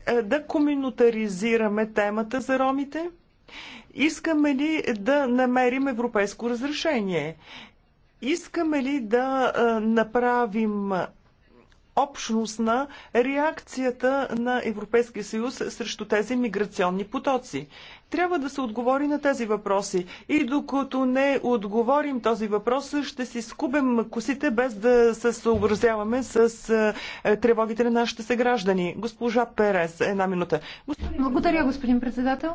е, да коминутаризираме темата за ромите? Искаме ли да намерим европейско разрешение? Искаме ли да е, направим общностна реакцията на Европейския съюз срещу тези миграционни потоци. Трябва да се отговори на тези въпроси. И докато не отговорим този въпрос, ще си скубем косите без да се съобразяваме с е, е, тревогите на нашите съграждани. Госпожа Перес, една минута. Господин... Благодаря, господин председател.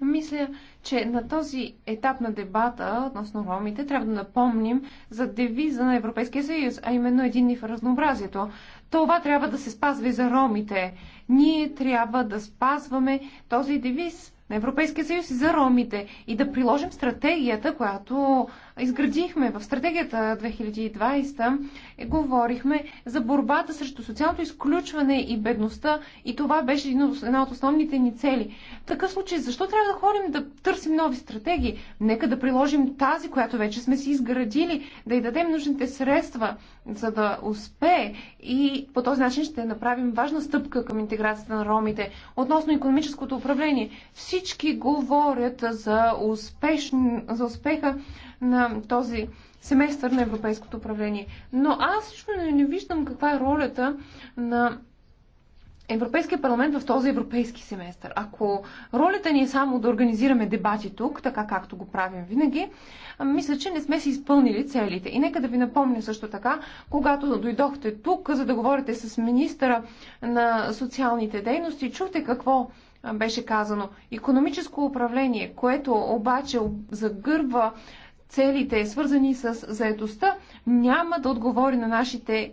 Мисля, че на този етап на дебата относно ромите трябва да напомним за девиза на Европейския съюз, а именно единни в разнообразието. Това трябва да се спазва и за ромите. Ние трябва да спазваме този девиз на Европейския съюз и за ромите и да приложим стратегията, която изградихме в стратегията 2020, е, говорихме за борбата срещу социалното изключване и бедността и това беше една от основните ни цели. В такъв случай, защо трябва да ходим да търсим нови стратегии? Нека да приложим тази, която вече сме си изградили, да й дадем нужните средства, за да успее и по този начин ще направим важна стъпка към интеграцията на ромите. Относно економическото управление, всички говорят за, успешн... за успеха на този семестър на европейското управление. Но аз лично не, не виждам каква е ролята на Европейския парламент в този европейски семестър. Ако ролята ни е само да организираме дебати тук, така както го правим винаги, мисля, че не сме си изпълнили целите. И нека да ви напомня също така, когато дойдохте тук, за да говорите с министъра на социалните дейности, чухте какво беше казано. Економическо управление, което обаче загърва целите, свързани с заедостта, няма да отговори на нашите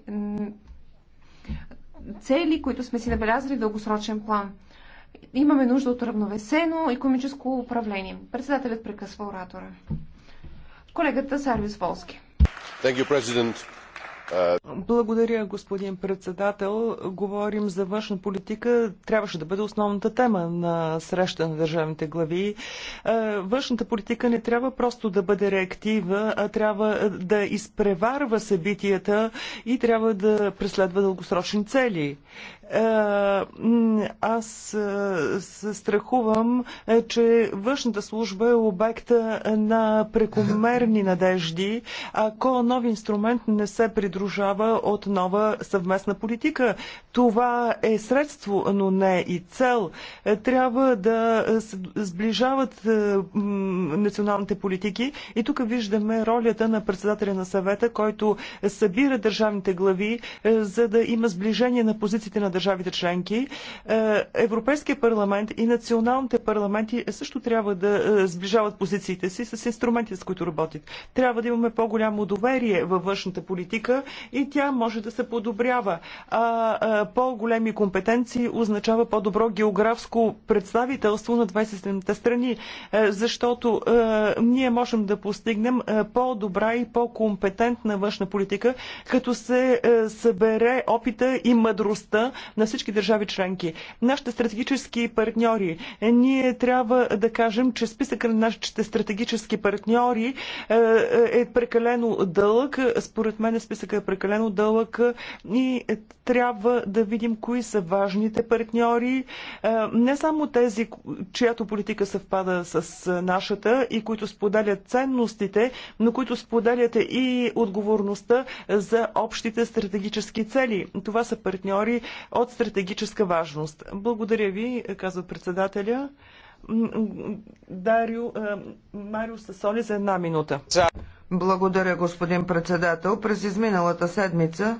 цели, които сме си набелязали в дългосрочен план. Имаме нужда от равновесено економическо управление. Председателят прекъсва оратора. Колегата Сарвис Волски. Thank you, President. Благодаря, господин председател. Говорим за външна политика. Трябваше да бъде основната тема на среща на държавните глави. Е, външната политика не трябва просто да бъде реактива, а трябва да изпреварва събитията и трябва да преследва дългосрочни цели. Е, аз е, се страхувам, е, че външната служба е обекта на прекомерни надежди, ако нов инструмент не се придружава от нова съвместна политика. Това е средство, но не и цел. Трябва да се сближават националните политики и тук виждаме ролята на председателя на съвета, който събира държавните глави, за да има сближение на позициите на държавите държавите членки, е, Европейския парламент и националните парламенти също трябва да е, сближават позициите си с инструментите, с които работят. Трябва да имаме по-голямо доверие във външната политика и тя може да се подобрява. А по-големи компетенции означава по-добро географско представителство на 27-те страни, е, защото ние можем да постигнем по-добра и по-компетентна външна политика, като се събере опита и мъдростта на всички държави членки. Нашите стратегически партньори. Ние трябва да кажем, че списъка на нашите стратегически партньори е, е прекалено дълъг. Според мен списъка е прекалено дълъг и трябва да видим кои са важните партньори. Е, не само тези, чиято политика съвпада с нашата и които споделят ценностите, но които споделят и отговорността за общите стратегически цели. Това са партньори от стратегическа важност. Благодаря ви, казва председателя. Дарио, е, Марио Сасоли за една минута. Благодаря, господин председател. През изминалата седмица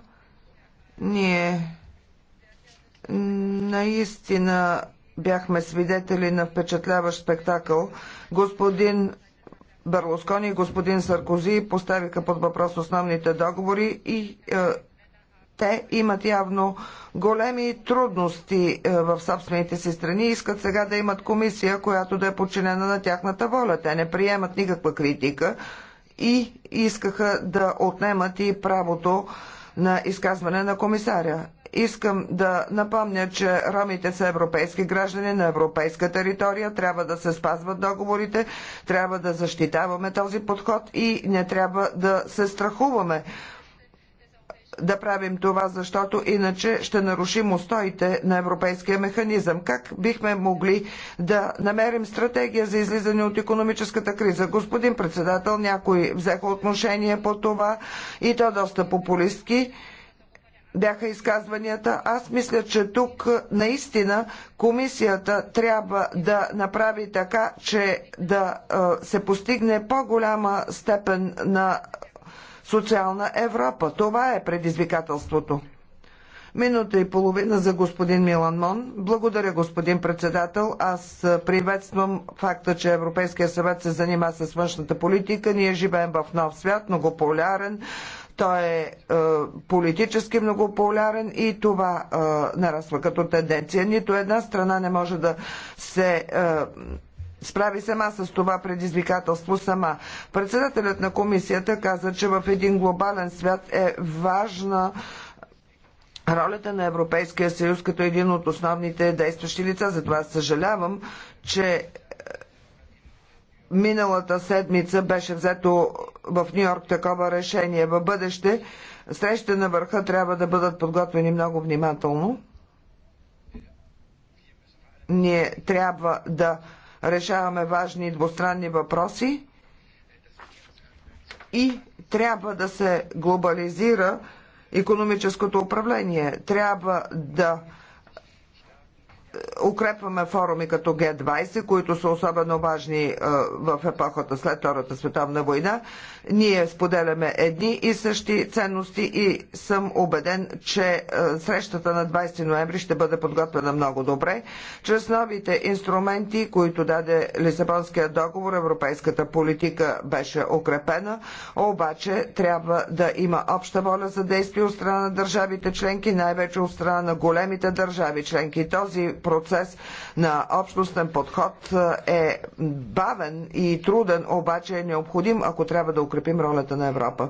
ние наистина бяхме свидетели на впечатляващ спектакъл. Господин Берлоскони и господин Саркози поставиха под въпрос основните договори и е, те имат явно големи трудности е, в собствените си страни и искат сега да имат комисия, която да е подчинена на тяхната воля. Те не приемат никаква критика и искаха да отнемат и правото на изказване на комисаря. Искам да напомня, че ромите са европейски граждани на европейска територия, трябва да се спазват договорите, трябва да защитаваме този подход и не трябва да се страхуваме да правим това, защото иначе ще нарушим устоите на европейския механизъм. Как бихме могли да намерим стратегия за излизане от економическата криза? Господин председател, някои взеха отношение по това и то доста популистки бяха изказванията. Аз мисля, че тук наистина комисията трябва да направи така, че да се постигне по-голяма степен на социална Европа. Това е предизвикателството. Минута и половина за господин Милан Мон. Благодаря, господин председател. Аз приветствам факта, че Европейския съвет се занима с външната политика. Ние живеем в нов свят, многополярен. Той е, е политически многополярен и това е, нарасва като тенденция. Нито една страна не може да се. Е, справи сама с това предизвикателство сама. Председателят на комисията каза, че в един глобален свят е важна ролята на Европейския съюз като един от основните действащи лица. Затова съжалявам, че е, миналата седмица беше взето в Нью Йорк такова решение. В бъдеще срещите на върха трябва да бъдат подготвени много внимателно. Ние трябва да решаваме важни двустранни въпроси и трябва да се глобализира економическото управление. Трябва да укрепваме форуми като Г-20, които са особено важни е, в епохата след Втората световна война. Ние споделяме едни и същи ценности и съм убеден, че е, срещата на 20 ноември ще бъде подготвена много добре. Чрез новите инструменти, които даде Лисабонския договор, европейската политика беше укрепена, обаче трябва да има обща воля за действие от страна на държавите членки, най-вече от страна на големите държави членки. Този процес на общностен подход е бавен и труден, обаче е необходим, ако трябва да укрепим ролята на Европа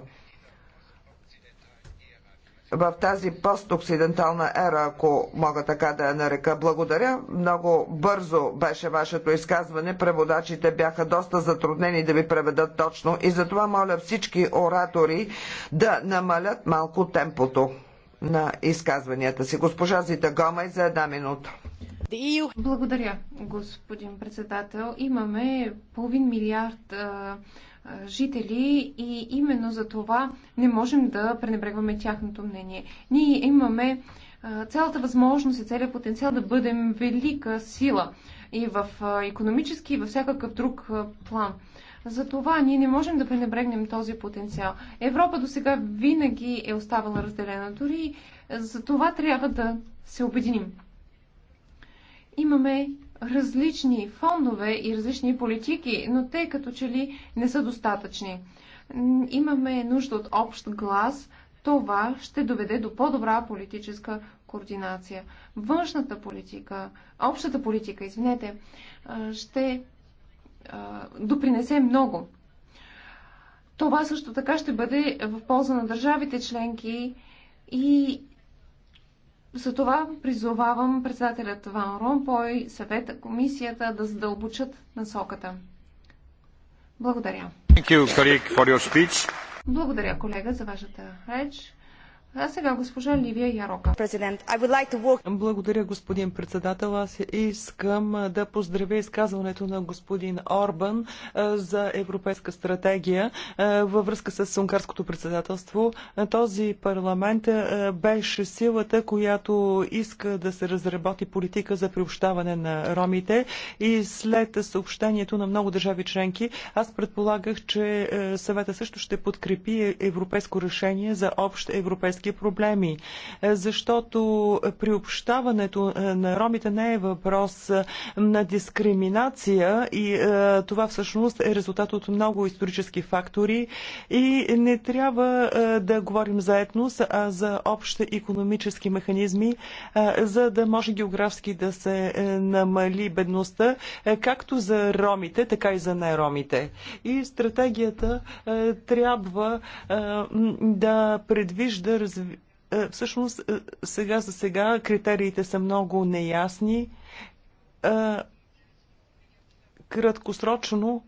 в тази постоксидентална ера, ако мога така да я нарека. Благодаря. Много бързо беше вашето изказване. Преводачите бяха доста затруднени да ви преведат точно и затова моля всички оратори да намалят малко темпото на изказванията си. Госпожа Зита Гомай за една минута. Благодаря, господин председател. Имаме половин милиард а, а, жители и именно за това не можем да пренебрегваме тяхното мнение. Ние имаме а, цялата възможност и целият потенциал да бъдем велика сила и в економически, и във всякакъв друг план. Затова ние не можем да пренебрегнем този потенциал. Европа до сега винаги е оставала разделена. Дори за това трябва да се обединим имаме различни фондове и различни политики, но те като че ли не са достатъчни. Имаме нужда от общ глас. Това ще доведе до по-добра политическа координация. Външната политика, общата политика, извинете, ще допринесе много. Това също така ще бъде в полза на държавите членки и за това призовавам председателят Ван Ромпой, съвета, комисията да задълбочат насоката. Благодаря. Благодаря, колега, за вашата реч. А сега госпожа Ливия Ярока. Like walk... Благодаря, господин председател. Аз искам да поздравя изказването на господин Орбан за европейска стратегия във връзка с унгарското председателство. Този парламент беше силата, която иска да се разработи политика за приобщаване на ромите и след съобщението на много държави членки, аз предполагах, че съвета също ще подкрепи европейско решение за общ европейски истински проблеми. Е, защото приобщаването е, на ромите не е въпрос е, на дискриминация и това всъщност е резултат от много исторически фактори и не трябва да говорим за етнос, а за общи економически механизми, за да може географски да се намали бедността, както за ромите, така и за неромите. И стратегията трябва да предвижда разви... Е, всъщност, е, сега за сега критериите са много неясни. Е, краткосрочно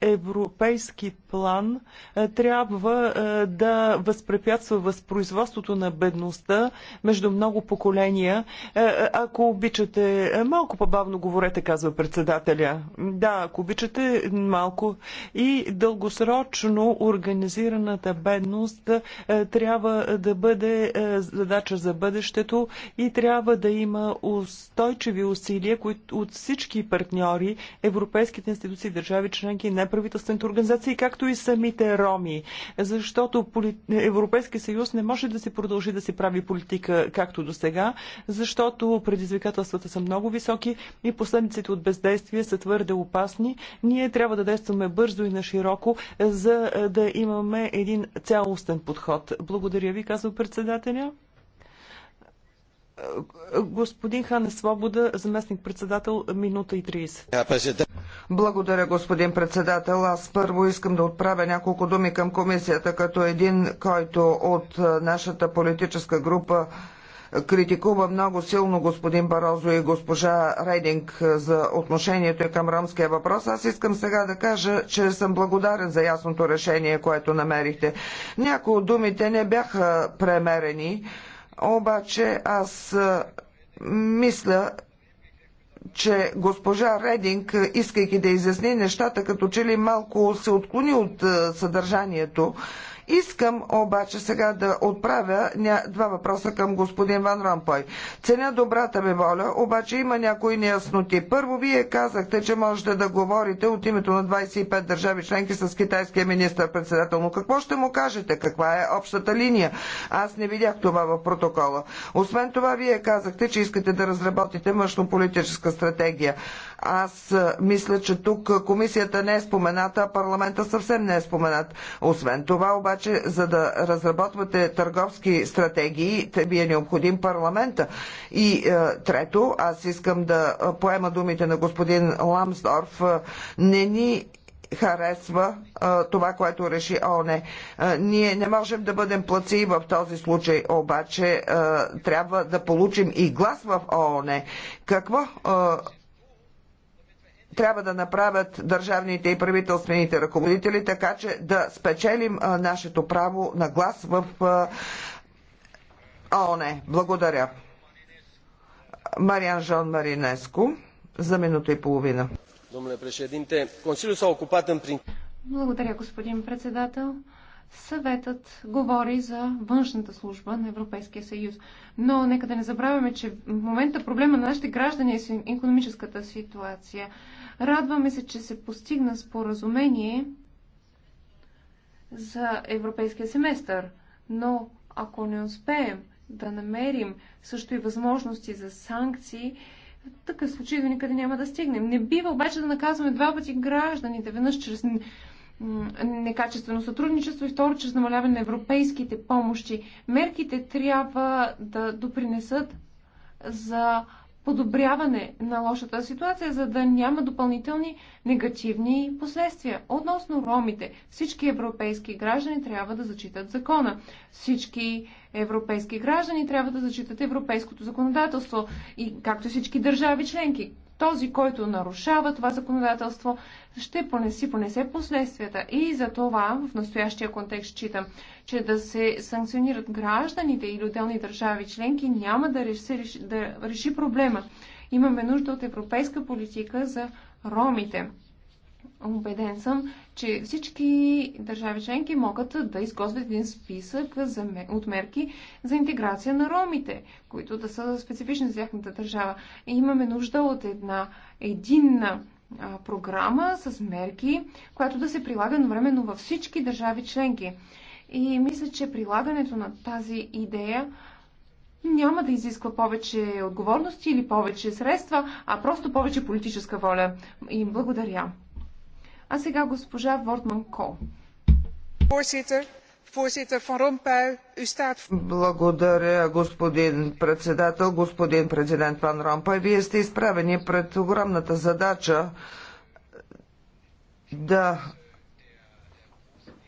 европейски план е, трябва е, да възпрепятства възпроизводството на бедността между много поколения. Е, ако обичате, малко по-бавно говорете, казва председателя. Да, ако обичате, малко. И дългосрочно организираната бедност трябва да бъде задача за бъдещето и трябва да има устойчиви усилия които от всички партньори, европейските институции, държави членки, не неправителствените организации, както и самите роми. Защото Европейския съюз не може да се продължи да се прави политика както до сега, защото предизвикателствата са много високи и последиците от бездействие са твърде опасни. Ние трябва да действаме бързо и на широко, за да имаме един цялостен подход. Благодаря ви, казва председателя. Господин Хане Свобода, заместник председател, минута и 30. Благодаря, господин председател. Аз първо искам да отправя няколко думи към комисията, като един, който от нашата политическа група критикува много силно господин Барозо и госпожа Рейдинг за отношението към ромския въпрос. Аз искам сега да кажа, че съм благодарен за ясното решение, което намерихте. Някои от думите не бяха премерени обаче аз мисля, че госпожа Рединг, искайки да изясни нещата, като че ли малко се отклони от съдържанието Искам обаче сега да отправя два въпроса към господин Ван Ромпой. Ценя добрата ви воля, обаче има някои неясноти. Първо, вие казахте, че можете да говорите от името на 25 държави членки с китайския министр-председател. Но какво ще му кажете? Каква е общата линия? Аз не видях това в протокола. Освен това, вие казахте, че искате да разработите външно-политическа стратегия. Аз е, мисля, че тук комисията не е спомената, а парламента съвсем не е споменат. Освен това, обаче, за да разработвате търговски стратегии, те ви е необходим парламента. И е, трето, аз искам да е, поема думите на господин Ламсдорф. Не ни харесва а, това, което реши ОНЕ. Ние не можем да бъдем плаци в този случай, обаче а, трябва да получим и глас в ООН. Какво а, трябва да направят държавните и правителствените ръководители, така че да спечелим нашето право на глас в ООН. Благодаря. Мариан Жон Маринеско за минута и половина. s-a ocupat în Благодаря, господин председател. Съветът говори за външната служба на Европейския съюз. Но нека да не забравяме, че в момента проблема на нашите граждани е економическата ситуация. Радваме се, че се постигна споразумение за европейския семестър, но ако не успеем да намерим също и възможности за санкции, в такъв случай до никъде няма да стигнем. Не бива обаче да наказваме два пъти гражданите, веднъж чрез некачествено сътрудничество и второ, чрез намаляване на европейските помощи. Мерките трябва да допринесат за подобряване на лошата ситуация, за да няма допълнителни негативни последствия. Относно ромите, всички европейски граждани трябва да зачитат закона. Всички европейски граждани трябва да зачитат европейското законодателство и както всички държави членки. Този, който нарушава това законодателство, ще понеси, понесе последствията. И за това в настоящия контекст читам, че да се санкционират гражданите или отделни държави членки няма да реши, да реши проблема. Имаме нужда от европейска политика за ромите. Обеден съм, че всички държави членки могат да изготвят един списък от мерки за интеграция на ромите, които да са специфични за тяхната държава. И имаме нужда от една единна програма с мерки, която да се прилага едновременно във всички държави членки. И мисля, че прилагането на тази идея няма да изисква повече отговорности или повече средства, а просто повече политическа воля. И благодаря. А сега госпожа Вортман Кол. Благодаря, господин председател. Господин президент Ван Ромпай, вие сте изправени пред огромната задача да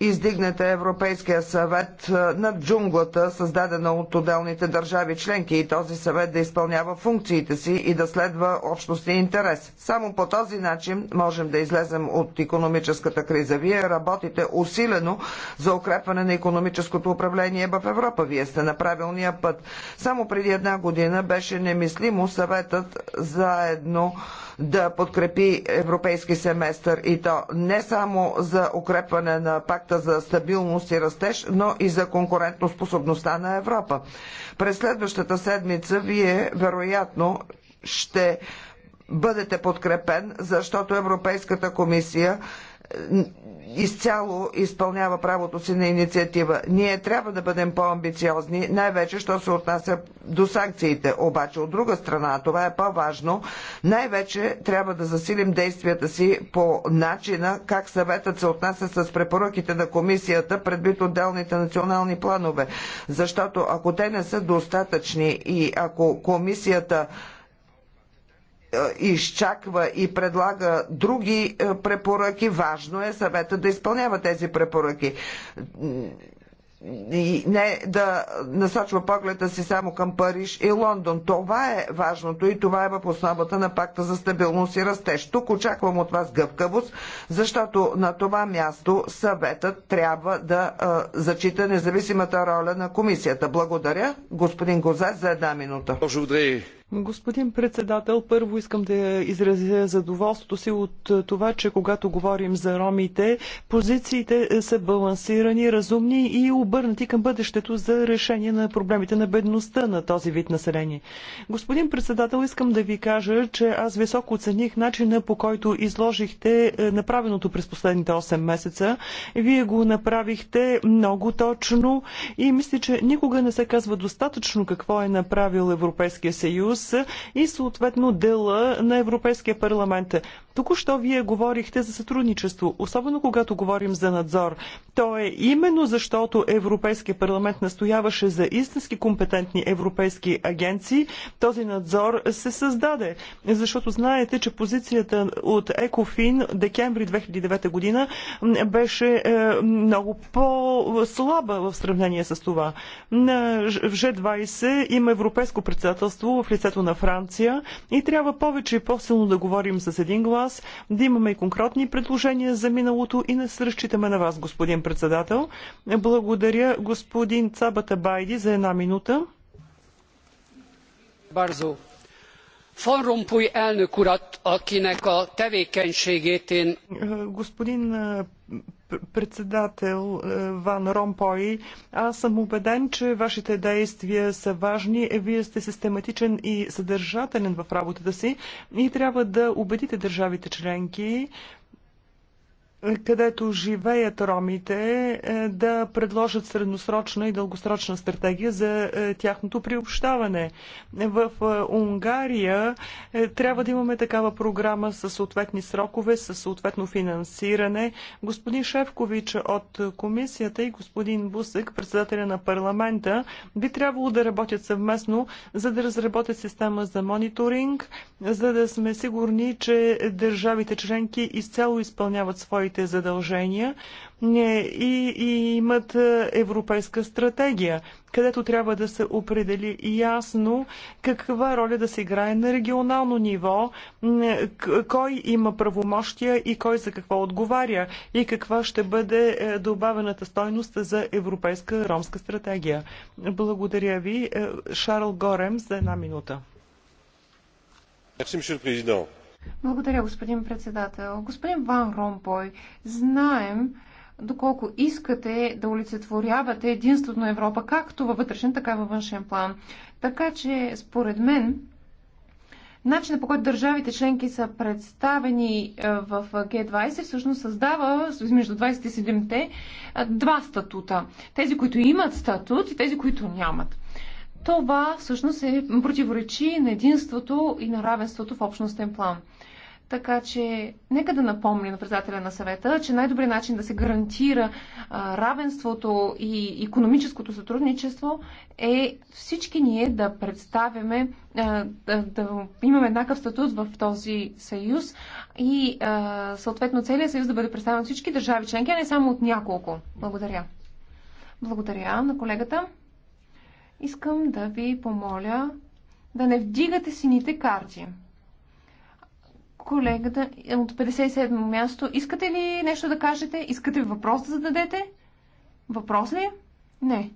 издигнете Европейския съвет е, над джунглата, създадена от отделните държави членки и този съвет да изпълнява функциите си и да следва общностния интерес. Само по този начин можем да излезем от економическата криза. Вие работите усилено за укрепване на економическото управление в Европа. Вие сте на правилния път. Само преди една година беше немислимо съветът заедно да подкрепи европейски семестър и то не само за укрепване на пакта пакта за стабилност и растеж, но и за конкурентоспособността на Европа. През следващата седмица вие вероятно ще бъдете подкрепен, защото Европейската комисия изцяло изпълнява правото си на инициатива. Ние трябва да бъдем по-амбициозни, най-вече, що се отнася до санкциите. Обаче, от друга страна, това е по-важно, най-вече трябва да засилим действията си по начина как съветът се отнася с препоръките на комисията предвид отделните национални планове. Защото ако те не са достатъчни и ако комисията е, изчаква и предлага други е, препоръки, важно е съвета да изпълнява тези препоръки и не да насочва погледа си само към Париж и Лондон. Това е важното и това е в основата на пакта за стабилност и растеж. Тук очаквам от вас гъвкавост, защото на това място съветът трябва да а, е, зачита независимата роля на комисията. Благодаря, господин Гозе, за една минута. Господин председател, първо искам да изразя задоволството си от е, това, че когато говорим за ромите, позициите е, са балансирани, разумни и обърнати към бъдещето за решение на проблемите на бедността на този вид население. Господин председател, искам да ви кажа, че аз високо оцених начина по който изложихте е, направеното през последните 8 месеца. Вие го направихте много точно и мисля, че никога не се казва достатъчно какво е направил Европейския съюз съюз и съответно дела на Европейския парламент. Току-що вие говорихте за сътрудничество, особено когато говорим за надзор. То е именно защото Европейския парламент настояваше за истински компетентни европейски агенции, този надзор се създаде. Защото знаете, че позицията от Екофин декември 2009 година беше е, много по-слаба в сравнение с това. В Ж20 има европейско председателство в лицето лицето на Франция и трябва повече и по-силно да говорим с един глас, да имаме и конкретни предложения за миналото и не се разчитаме на вас, господин председател. Благодаря господин Цабата Байди за една минута. Барзо. Van Rompuy elnök urat, akinek a tevékenységét én... Господин председател е, Ван Ромпой, аз съм убеден, че вашите действия са важни. Вие сте систематичен и съдържателен в работата си и трябва да убедите държавите членки, където живеят ромите, е, да предложат средносрочна и дългосрочна стратегия за е, тяхното приобщаване. В е, Унгария трябва да имаме такава програма с съответни срокове, с съответно финансиране. Господин Шевкович от комисията и господин Бусек, председателя на парламента, би трябвало да работят съвместно, за да разработят система за мониторинг, за да сме сигурни, че държавите членки изцяло изпълняват своите своите задължения и, и имат е, европейска стратегия, където трябва да се определи ясно каква роля да се играе на регионално ниво, кой има правомощия и кой за какво отговаря и каква ще бъде е, добавената стойност за европейска ромска стратегия. Благодаря ви. Е, Шарл Горем за една минута. Merci, благодаря, господин председател. Господин Ван Ромпой, знаем, доколко искате да олицетворявате единството на Европа, както във вътрешен, така и във външен план. Така че, според мен, начинът по който държавите членки са представени е, в е, Г20 всъщност създава между 27-те е, два статута. Тези, които имат статут и тези, които нямат това всъщност е противоречи на единството и на равенството в общностен план. Така че, нека да напомня на председателя на съвета, че най-добрият начин да се гарантира а, равенството и економическото сътрудничество е всички ние да представяме, а, да, да имаме еднакъв статут в този съюз и а, съответно целият съюз да бъде представен от всички държави членки, а не само от няколко. Благодаря. Благодаря на колегата искам да ви помоля да не вдигате сините карти. Колегата от 57-о място, искате ли нещо да кажете? Искате ли въпрос да зададете? Въпрос ли? Не.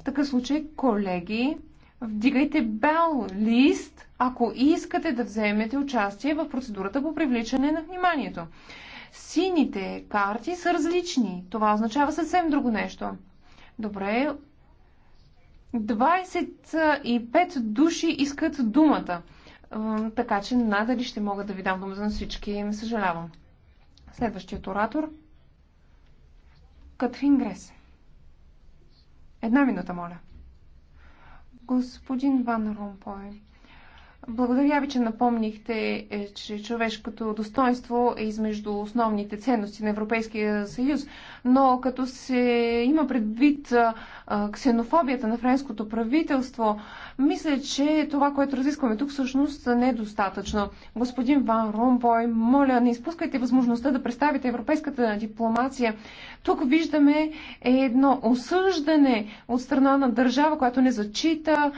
В такъв случай, колеги, вдигайте бел лист, ако искате да вземете участие в процедурата по привличане на вниманието. Сините карти са различни. Това означава съвсем друго нещо. Добре, 25 души искат думата. Така че надали ще мога да ви дам думата на всички. Не съжалявам. Следващият оратор. Катфин Грес. Една минута, моля. Господин Ван Ромпой, благодаря ви, че напомнихте, е, че човешкото достоинство е измежду основните ценности на Европейския съюз но като се има предвид ксенофобията на френското правителство, мисля, че това, което разискваме тук, всъщност не е достатъчно. Господин Ван Ромбой, моля, не изпускайте възможността да представите европейската дипломация. Тук виждаме едно осъждане от страна на държава, която не зачита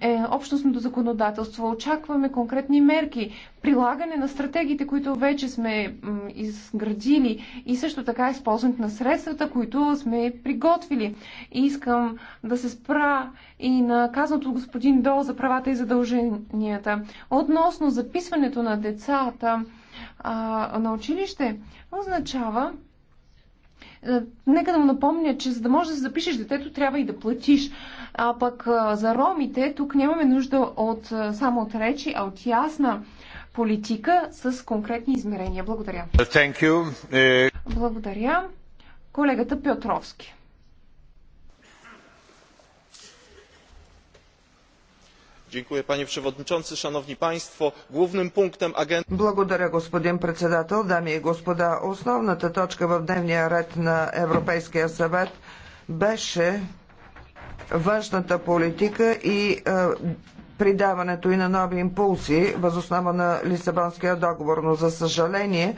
е, общностното законодателство. Очакваме конкретни мерки прилагане на стратегиите, които вече сме изградили и също така използването на средствата, които сме приготвили. И искам да се спра и на казаното господин Дол за правата и задълженията. Относно записването на децата а, на училище, означава е, нека да му напомня, че за да можеш да се запишеш детето, трябва и да платиш. А пък за ромите, тук нямаме нужда от, само от речи, а от ясна политика с конкретни измерения. Благодаря. Thank you. Е, Благодаря. Колегата Петровски. Dziękuję panie przewodniczący! szanowni państwo! głównym punktem agendy Благодаря господин председател, дами и господа. Основната точка в дневния ред на Европейския съвет беше външната политика и е, придаването и на нови импулси възоснова на Лисабонския договор, но за съжаление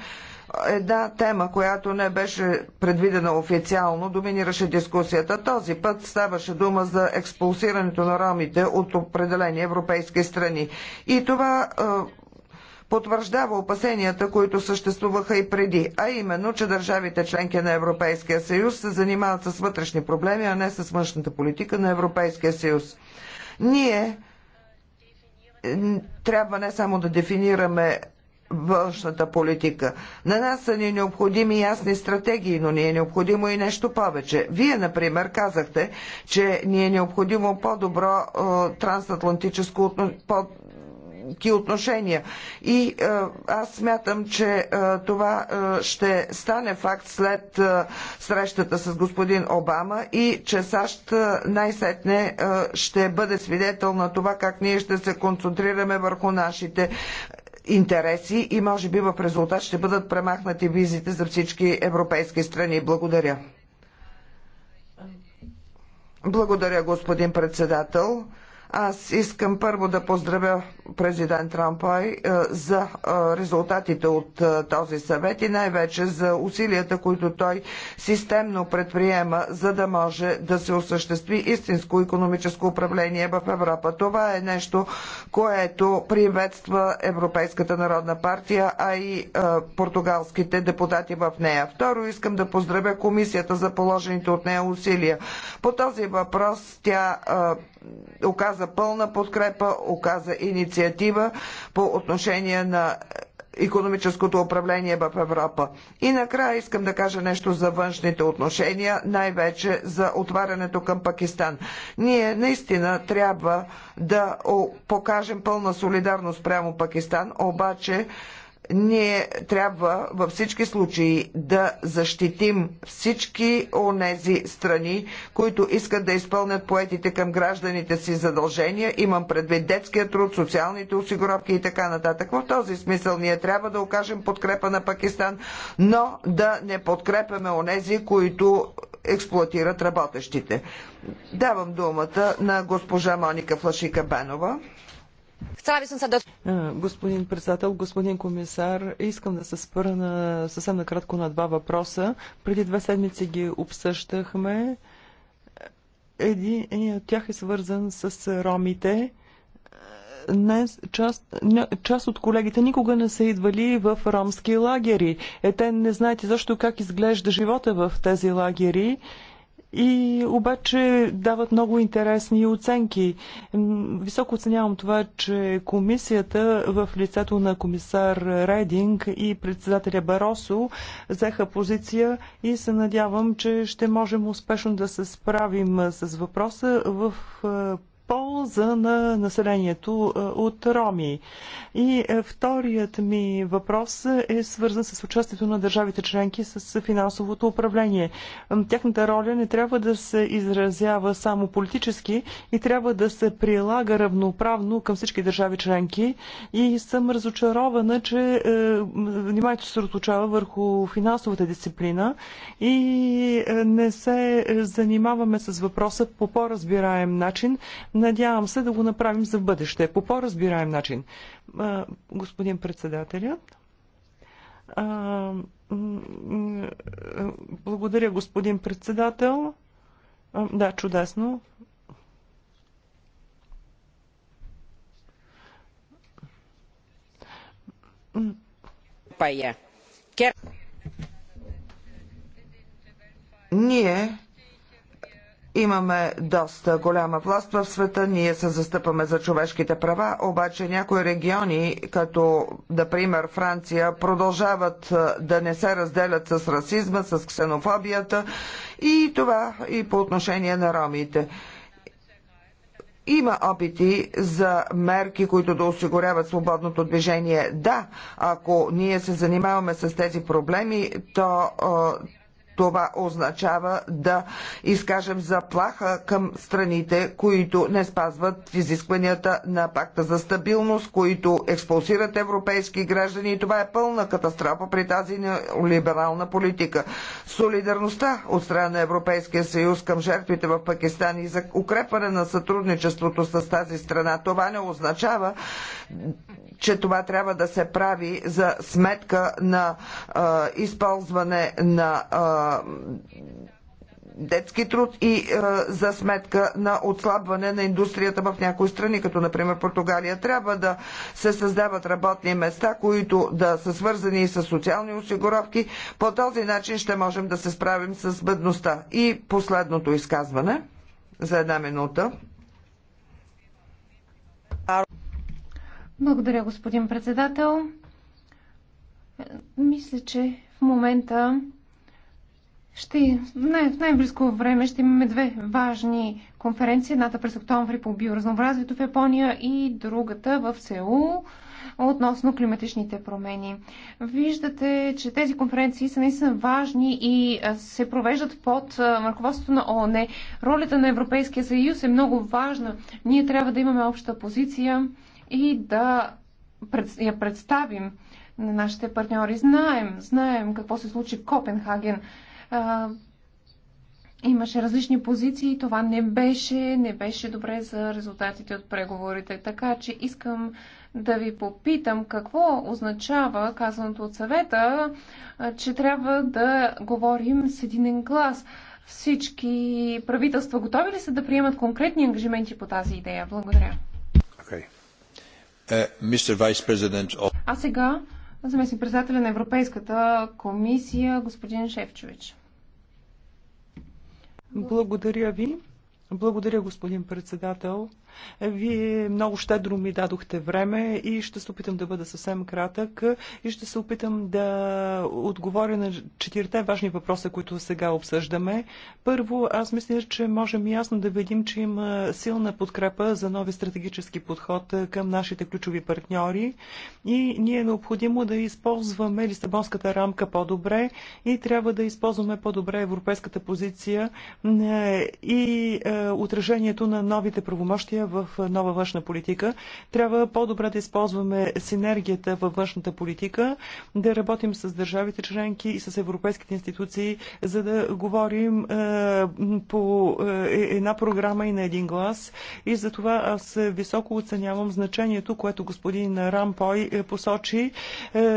една тема, която не беше предвидена официално, доминираше дискусията. Този път ставаше дума за експулсирането на ромите от определени европейски страни. И това е, потвърждава опасенията, които съществуваха и преди, а именно, че държавите членки на Европейския съюз се занимават с вътрешни проблеми, а не с външната политика на Европейския съюз. Ние трябва не само да дефинираме външната политика. На нас са ни необходими ясни стратегии, но ни е необходимо и нещо повече. Вие, например, казахте, че ни е необходимо по-добро е, трансатлантическо, търговски отношения. И е, аз смятам, че е, това е, ще стане факт след срещата с господин Обама и че САЩ най-сетне ще бъде свидетел на това как ние ще се концентрираме върху нашите интереси и може би в резултат ще бъдат премахнати визите за всички европейски страни. Благодаря. Благодаря, господин председател. Аз искам първо да поздравя президент Рампой е, за е, резултатите от е, този съвет и най-вече за усилията, които той системно предприема, за да може да се осъществи истинско економическо управление в Европа. Това е нещо, което приветства Европейската народна партия, а и португалските депутати в нея. Второ, искам да поздравя комисията за положените от нея усилия. По този въпрос тя оказа пълна подкрепа, оказа инициатива по отношение на економическото управление в Европа. И накрая искам да кажа нещо за външните отношения, най-вече за отварянето към Пакистан. Ние наистина трябва да покажем пълна солидарност прямо Пакистан, обаче ние трябва във всички случаи да защитим всички онези страни, които искат да изпълнят поетите към гражданите си задължения. Имам предвид детския труд, социалните осигуровки и така нататък. В този смисъл ние трябва да окажем подкрепа на Пакистан, но да не подкрепяме онези, които експлуатират работещите. Давам думата на госпожа Моника Флашика Бенова. Господин председател, господин комисар, искам да се спра на, съвсем накратко на два въпроса. Преди две седмици ги обсъждахме. Един, един от тях е свързан с ромите. Не, част, част от колегите никога не са идвали в ромски лагери. Е, те не знаете защо как изглежда живота в тези лагери и обаче дават много интересни оценки. Високо оценявам това, че комисията в лицето на комисар Рейдинг и председателя Баросо взеха позиция и се надявам, че ще можем успешно да се справим с въпроса в е, полза на населението от роми. И вторият ми въпрос е свързан с участието на държавите членки с финансовото управление. Тяхната роля не трябва да се изразява само политически и трябва да се прилага равноправно към всички държави членки. И съм разочарована, че вниманието се съсредоточава върху финансовата дисциплина и не се занимаваме с въпроса по по-разбираем начин Надявам се да го направим за бъдеще по по-разбираем начин. Господин председателят. Благодаря, господин председател. Да, чудесно. Пая. Ние Имаме доста голяма власт в света, ние се застъпаме за човешките права, обаче някои региони, като например Франция, продължават да не се разделят с расизма, с ксенофобията и това и по отношение на ромите. Има опити за мерки, които да осигуряват свободното движение. Да, ако ние се занимаваме с тези проблеми, то това означава да изкажем заплаха към страните, които не спазват изискванията на пакта за стабилност, които експулсират европейски граждани и това е пълна катастрофа при тази либерална политика. Солидарността от страна на Европейския съюз към жертвите в Пакистан и за укрепване на сътрудничеството с тази страна, това не означава че това трябва да се прави за сметка на а, използване на а, детски труд и а, за сметка на отслабване на индустрията в някои страни, като например Португалия. Трябва да се създават работни места, които да са свързани и с социални осигуровки. По този начин ще можем да се справим с бедността. И последното изказване за една минута. Благодаря, господин председател. Мисля, че в момента ще, най- в най-близко време ще имаме две важни конференции. Едната през октомври по биоразнообразието в Япония и другата в Сеул относно климатичните промени. Виждате, че тези конференции са наистина важни и се провеждат под ръководството на ООН. Ролята на Европейския съюз е много важна. Ние трябва да имаме обща позиция и да я представим на нашите партньори. Знаем, знаем какво се случи в Копенхаген. А, имаше различни позиции и това не беше, не беше добре за резултатите от преговорите. Така че искам да ви попитам какво означава казаното от съвета, че трябва да говорим с един глас. Всички правителства готови ли са да приемат конкретни ангажименти по тази идея? Благодаря. Okay. Е, а сега заместник председателя на Европейската комисия, господин Шефчович. Благодаря ви. Благодаря, господин председател. Вие много щедро ми дадохте време и ще се опитам да бъда съвсем кратък и ще се опитам да отговоря на четирите важни въпроса, които сега обсъждаме. Първо, аз мисля, че можем ясно да видим, че има силна подкрепа за нови стратегически подход към нашите ключови партньори и ние е необходимо да използваме Лисабонската рамка по-добре и трябва да използваме по-добре европейската позиция е, и е, отражението на новите правомощия в нова външна политика. Трябва по-добре да използваме синергията във външната политика, да работим с държавите членки и с европейските институции, за да говорим е, по е, една програма и на един глас. И за това аз високо оценявам значението, което господин Рампой е, посочи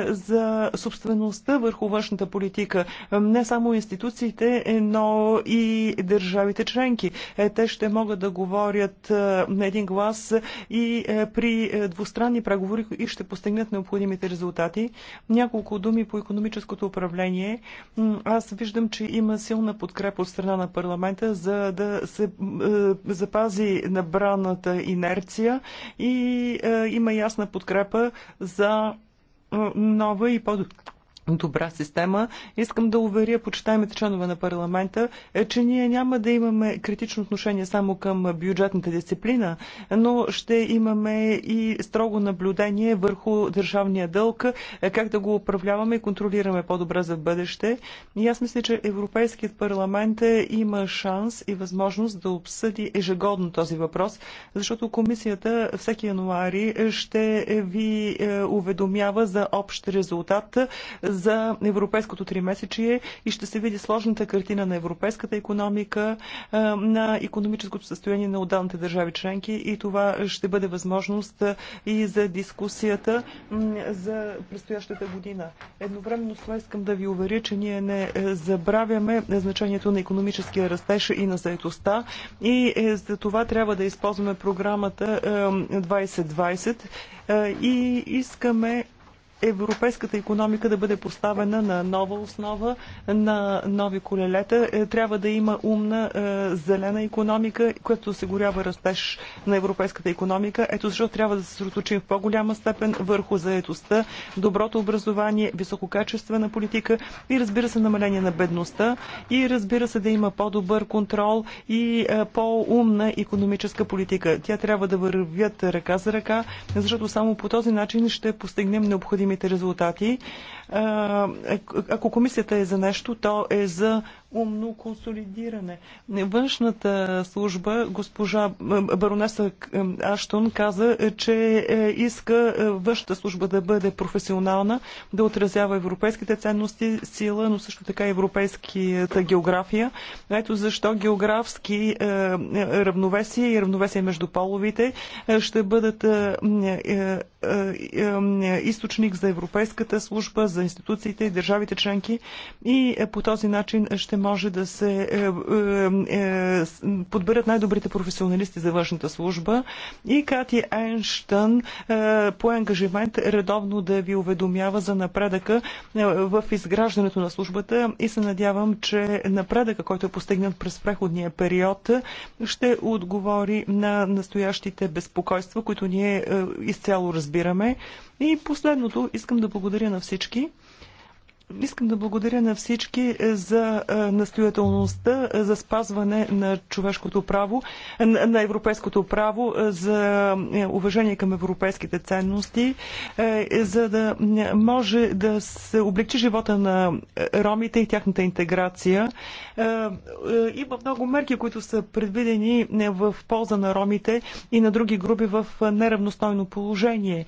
за собствеността върху външната политика. Не само институциите, но и държавите членки. Те ще могат да говорят на един глас и е, при е, двустранни преговори и ще постигнат необходимите резултати. Няколко думи по економическото управление. Аз виждам, че има силна подкрепа от страна на парламента за да се е, запази набраната инерция и има ясна подкрепа за нова и по добра система. Искам да уверя почитаемите членове на парламента, е, че ние няма да имаме критично отношение само към бюджетната дисциплина, но ще имаме и строго наблюдение върху държавния дълг, е, как да го управляваме и контролираме по-добре за бъдеще. И аз мисля, че Европейският парламент е, има шанс и възможност да обсъди ежегодно този въпрос, защото комисията всеки януари ще ви уведомява за общ резултат за европейското тримесечие и ще се види сложната картина на европейската економика, е, на економическото състояние на отдалните държави членки и това ще бъде възможност е, и за дискусията за предстоящата година. Едновременно с това искам да ви уверя, че ние не е, забравяме значението на економическия растеж и на заетостта и за това трябва да използваме програмата 2020 и искаме европейската економика да бъде поставена на нова основа, на нови колелета. Е, трябва да има умна е, зелена економика, която осигурява растеж на европейската економика. Ето защо трябва да се съсредоточим в по-голяма степен върху заетостта, доброто образование, висококачествена политика и разбира се намаление на бедността и разбира се да има по-добър контрол и е, по-умна економическа политика. Тя трябва да вървят ръка за ръка, защото само по този начин ще постигнем необходимите видимите резултати. Ако комисията е за нещо, то е за умно консолидиране. Външната служба, госпожа баронеса Аштон, каза, че е, иска е, външната служба да бъде професионална, да отразява европейските ценности, сила, но също така и европейската география. Ето защо географски е, равновесие и равновесие между половите ще бъдат е, е, е, източник за Европейската служба, за институциите и държавите членки и по този начин ще може да се подберат най-добрите професионалисти за външната служба и Кати Айнштън по ангажимент редовно да ви уведомява за напредъка в изграждането на службата и се надявам, че напредъка, който е постигнат през преходния период, ще отговори на настоящите безпокойства, които ние изцяло разбираме разбираме. И последното, искам да благодаря на всички. Искам да благодаря на всички е, за е, настоятелността е, за спазване на човешкото право, на европейското право, за уважение към европейските ценности, за да може да се облегчи живота на ромите и тяхната интеграция. Има много мерки, които са предвидени в полза на ромите и на други групи в неравностойно положение.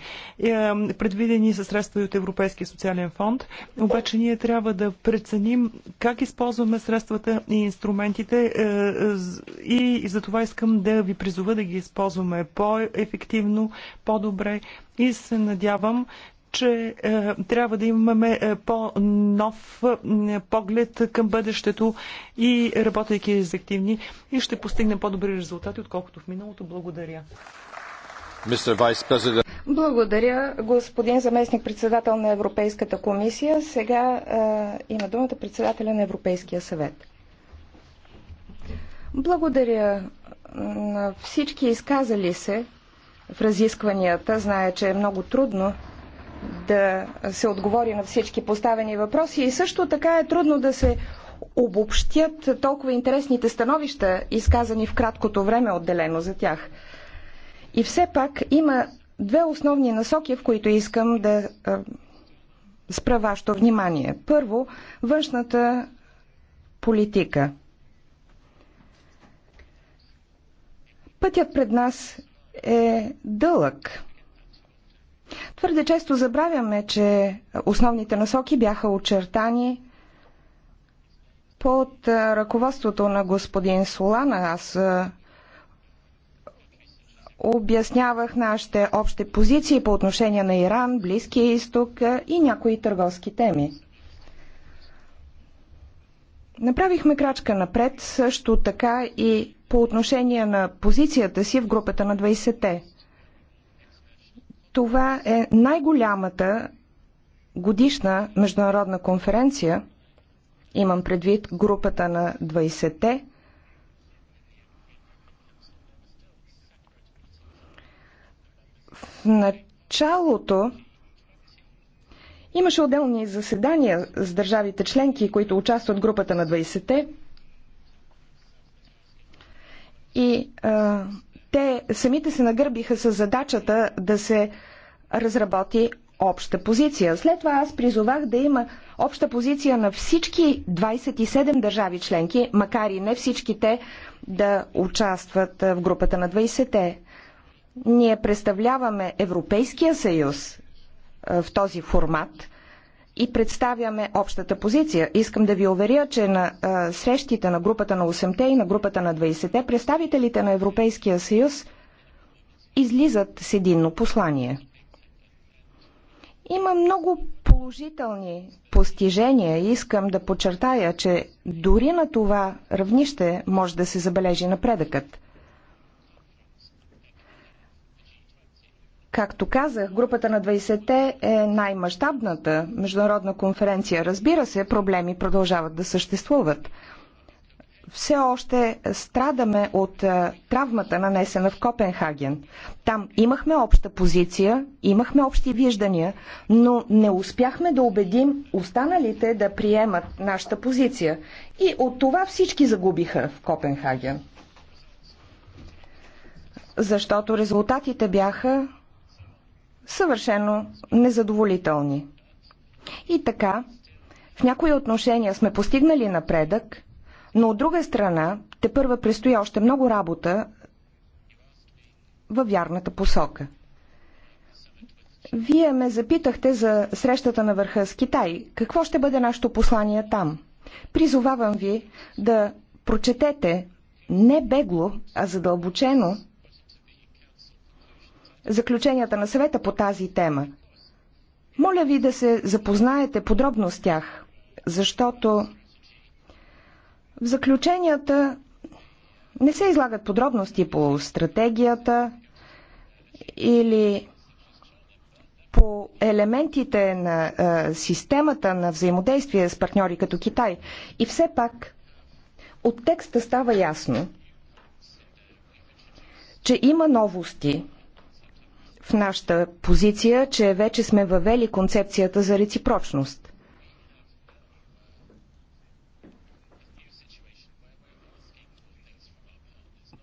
Предвидени са средства и от Европейския социален фонд, обаче че ние трябва да преценим как използваме средствата и инструментите е, е, и за това искам да ви призова да ги използваме по-ефективно, по-добре и се надявам, че е, трябва да имаме е, по-нов е, поглед към бъдещето и работейки ефективни и ще постигнем по-добри резултати, отколкото в миналото. Благодаря. Благодаря, господин заместник председател на Европейската комисия. Сега е, има думата председателя на Европейския съвет. Благодаря на всички изказали се в разискванията. Зная, че е много трудно да се отговори на всички поставени въпроси и също така е трудно да се обобщят толкова интересните становища, изказани в краткото време отделено за тях. И все пак има две основни насоки, в които искам да спра вашето внимание. Първо, външната политика. Пътят пред нас е дълъг. Твърде често забравяме, че основните насоки бяха очертани под ръководството на господин Солана. Аз обяснявах нашите общи позиции по отношение на Иран, Близкия изток и някои търговски теми. Направихме крачка напред също така и по отношение на позицията си в групата на 20-те. Това е най-голямата годишна международна конференция, имам предвид групата на 20-те, началото имаше отделни заседания с държавите членки, които участват в групата на 20-те. И а, те самите се нагърбиха с задачата да се разработи обща позиция. След това аз призовах да има обща позиция на всички 27 държави членки, макар и не всички те да участват в групата на 20-те. Ние представляваме Европейския съюз е, в този формат и представяме общата позиция. Искам да ви уверя, че на е, срещите на групата на 8-те и на групата на 20-те представителите на Европейския съюз излизат с единно послание. Има много положителни постижения и искам да подчертая, че дори на това равнище може да се забележи напредъкът – Както казах, групата на 20-те е най-мащабната международна конференция. Разбира се, проблеми продължават да съществуват. Все още страдаме от е, травмата, нанесена в Копенхаген. Там имахме обща позиция, имахме общи виждания, но не успяхме да убедим останалите да приемат нашата позиция. И от това всички загубиха в Копенхаген. Защото резултатите бяха съвършено незадоволителни. И така, в някои отношения сме постигнали напредък, но от друга страна, те първа предстои още много работа във вярната посока. Вие ме запитахте за срещата на върха с Китай. Какво ще бъде нашето послание там? Призовавам ви да прочетете не бегло, а задълбочено заключенията на съвета по тази тема. Моля ви да се запознаете подробно с тях, защото в заключенията не се излагат подробности по стратегията или по елементите на а, системата на взаимодействие с партньори като Китай. И все пак от текста става ясно, че има новости – в нашата позиция, че вече сме въвели концепцията за реципрочност.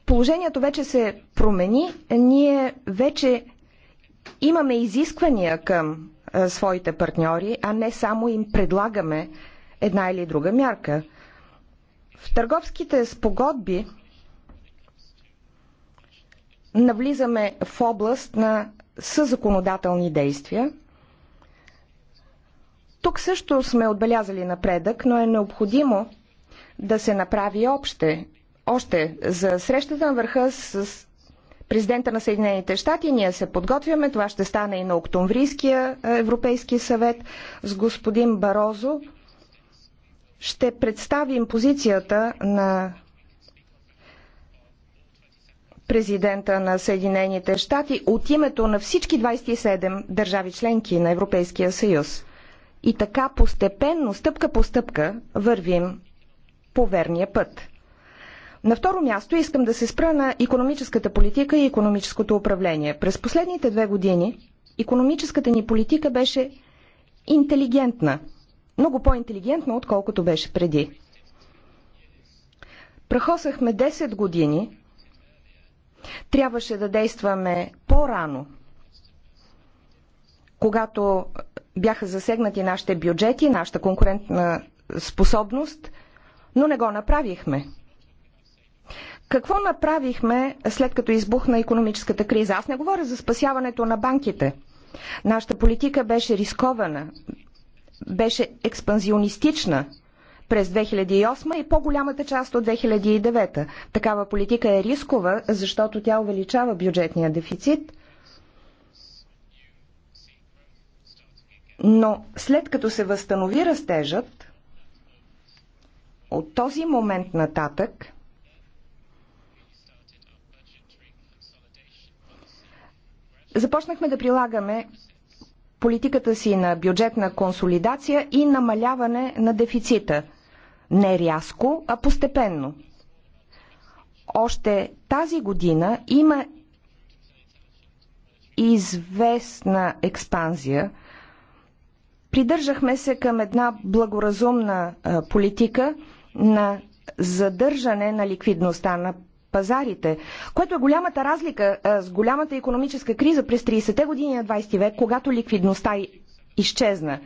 Положението вече се промени. Ние вече имаме изисквания към а, своите партньори, а не само им предлагаме една или друга мярка. В търговските спогодби навлизаме в област на със законодателни действия. Тук също сме отбелязали напредък, но е необходимо да се направи още. още за срещата на върха с президента на Съединените щати. Ние се подготвяме. Това ще стане и на Октомврийския е, Европейски съвет с господин Барозо. Ще представим позицията на президента на Съединените щати от името на всички 27 държави членки на Европейския съюз. И така постепенно, стъпка по стъпка, вървим по верния път. На второ място искам да се спра на економическата политика и економическото управление. През последните две години економическата ни политика беше интелигентна. Много по-интелигентна, отколкото беше преди. Прахосахме 10 години Трябваше да действаме по-рано, когато бяха засегнати нашите бюджети, нашата конкурентна способност, но не го направихме. Какво направихме след като избухна економическата криза? Аз не говоря за спасяването на банките. Нашата политика беше рискована, беше експанзионистична, през 2008 и по-голямата част от 2009. Такава политика е рискова, защото тя увеличава бюджетния дефицит. Но след като се възстанови растежът, от този момент нататък започнахме да прилагаме политиката си на бюджетна консолидация и намаляване на дефицита – не рязко, а постепенно. Още тази година има известна експанзия. Придържахме се към една благоразумна политика на задържане на ликвидността на пазарите, което е голямата разлика с голямата економическа криза през 30-те години на 20 век, когато ликвидността изчезна.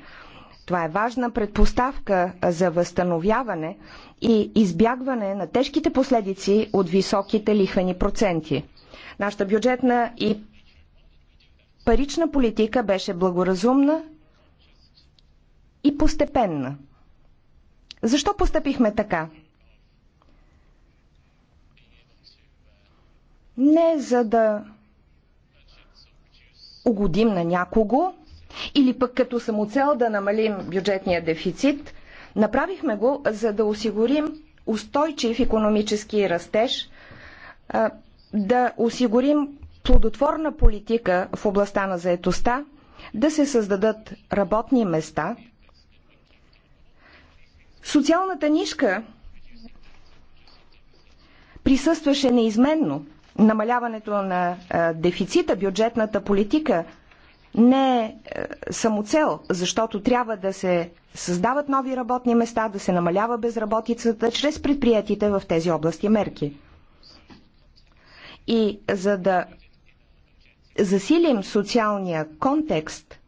Това е важна предпоставка за възстановяване и избягване на тежките последици от високите лихвени проценти. Нашата бюджетна и парична политика беше благоразумна и постепенна. Защо постъпихме така? Не за да угодим на някого, или пък като самоцел да намалим бюджетния дефицит, направихме го, за да осигурим устойчив економически растеж, да осигурим плодотворна политика в областта на заетостта, да се създадат работни места. Социалната нишка присъстваше неизменно. Намаляването на дефицита, бюджетната политика – не е, е самоцел, защото трябва да се създават нови работни места, да се намалява безработицата чрез предприятите в тези области мерки. И за да засилим социалния контекст,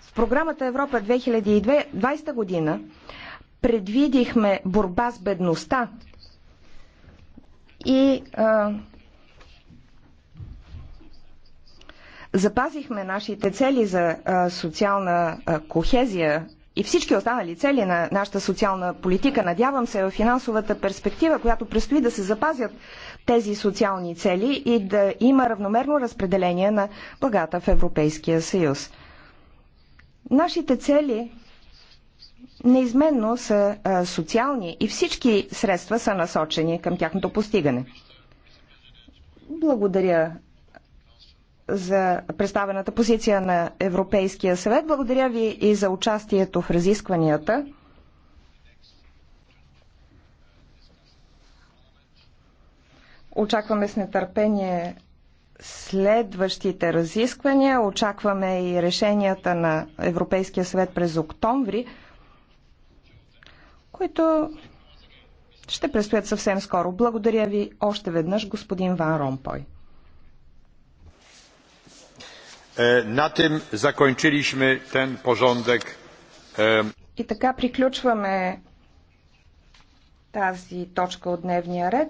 в програмата Европа 2020 година предвидихме борба с бедността и а, запазихме нашите цели за социална кохезия и всички останали цели на нашата социална политика. Надявам се в финансовата перспектива, която предстои да се запазят тези социални цели и да има равномерно разпределение на благата в Европейския съюз. Нашите цели неизменно са социални и всички средства са насочени към тяхното постигане. Благодаря за представената позиция на Европейския съвет. Благодаря ви и за участието в разискванията. Очакваме с нетърпение следващите разисквания. Очакваме и решенията на Европейския съвет през октомври, които ще предстоят съвсем скоро. Благодаря ви още веднъж, господин Ван Ромпой. На тим закончилишме тен порządek. И така приключваме тази точка от дневния ред.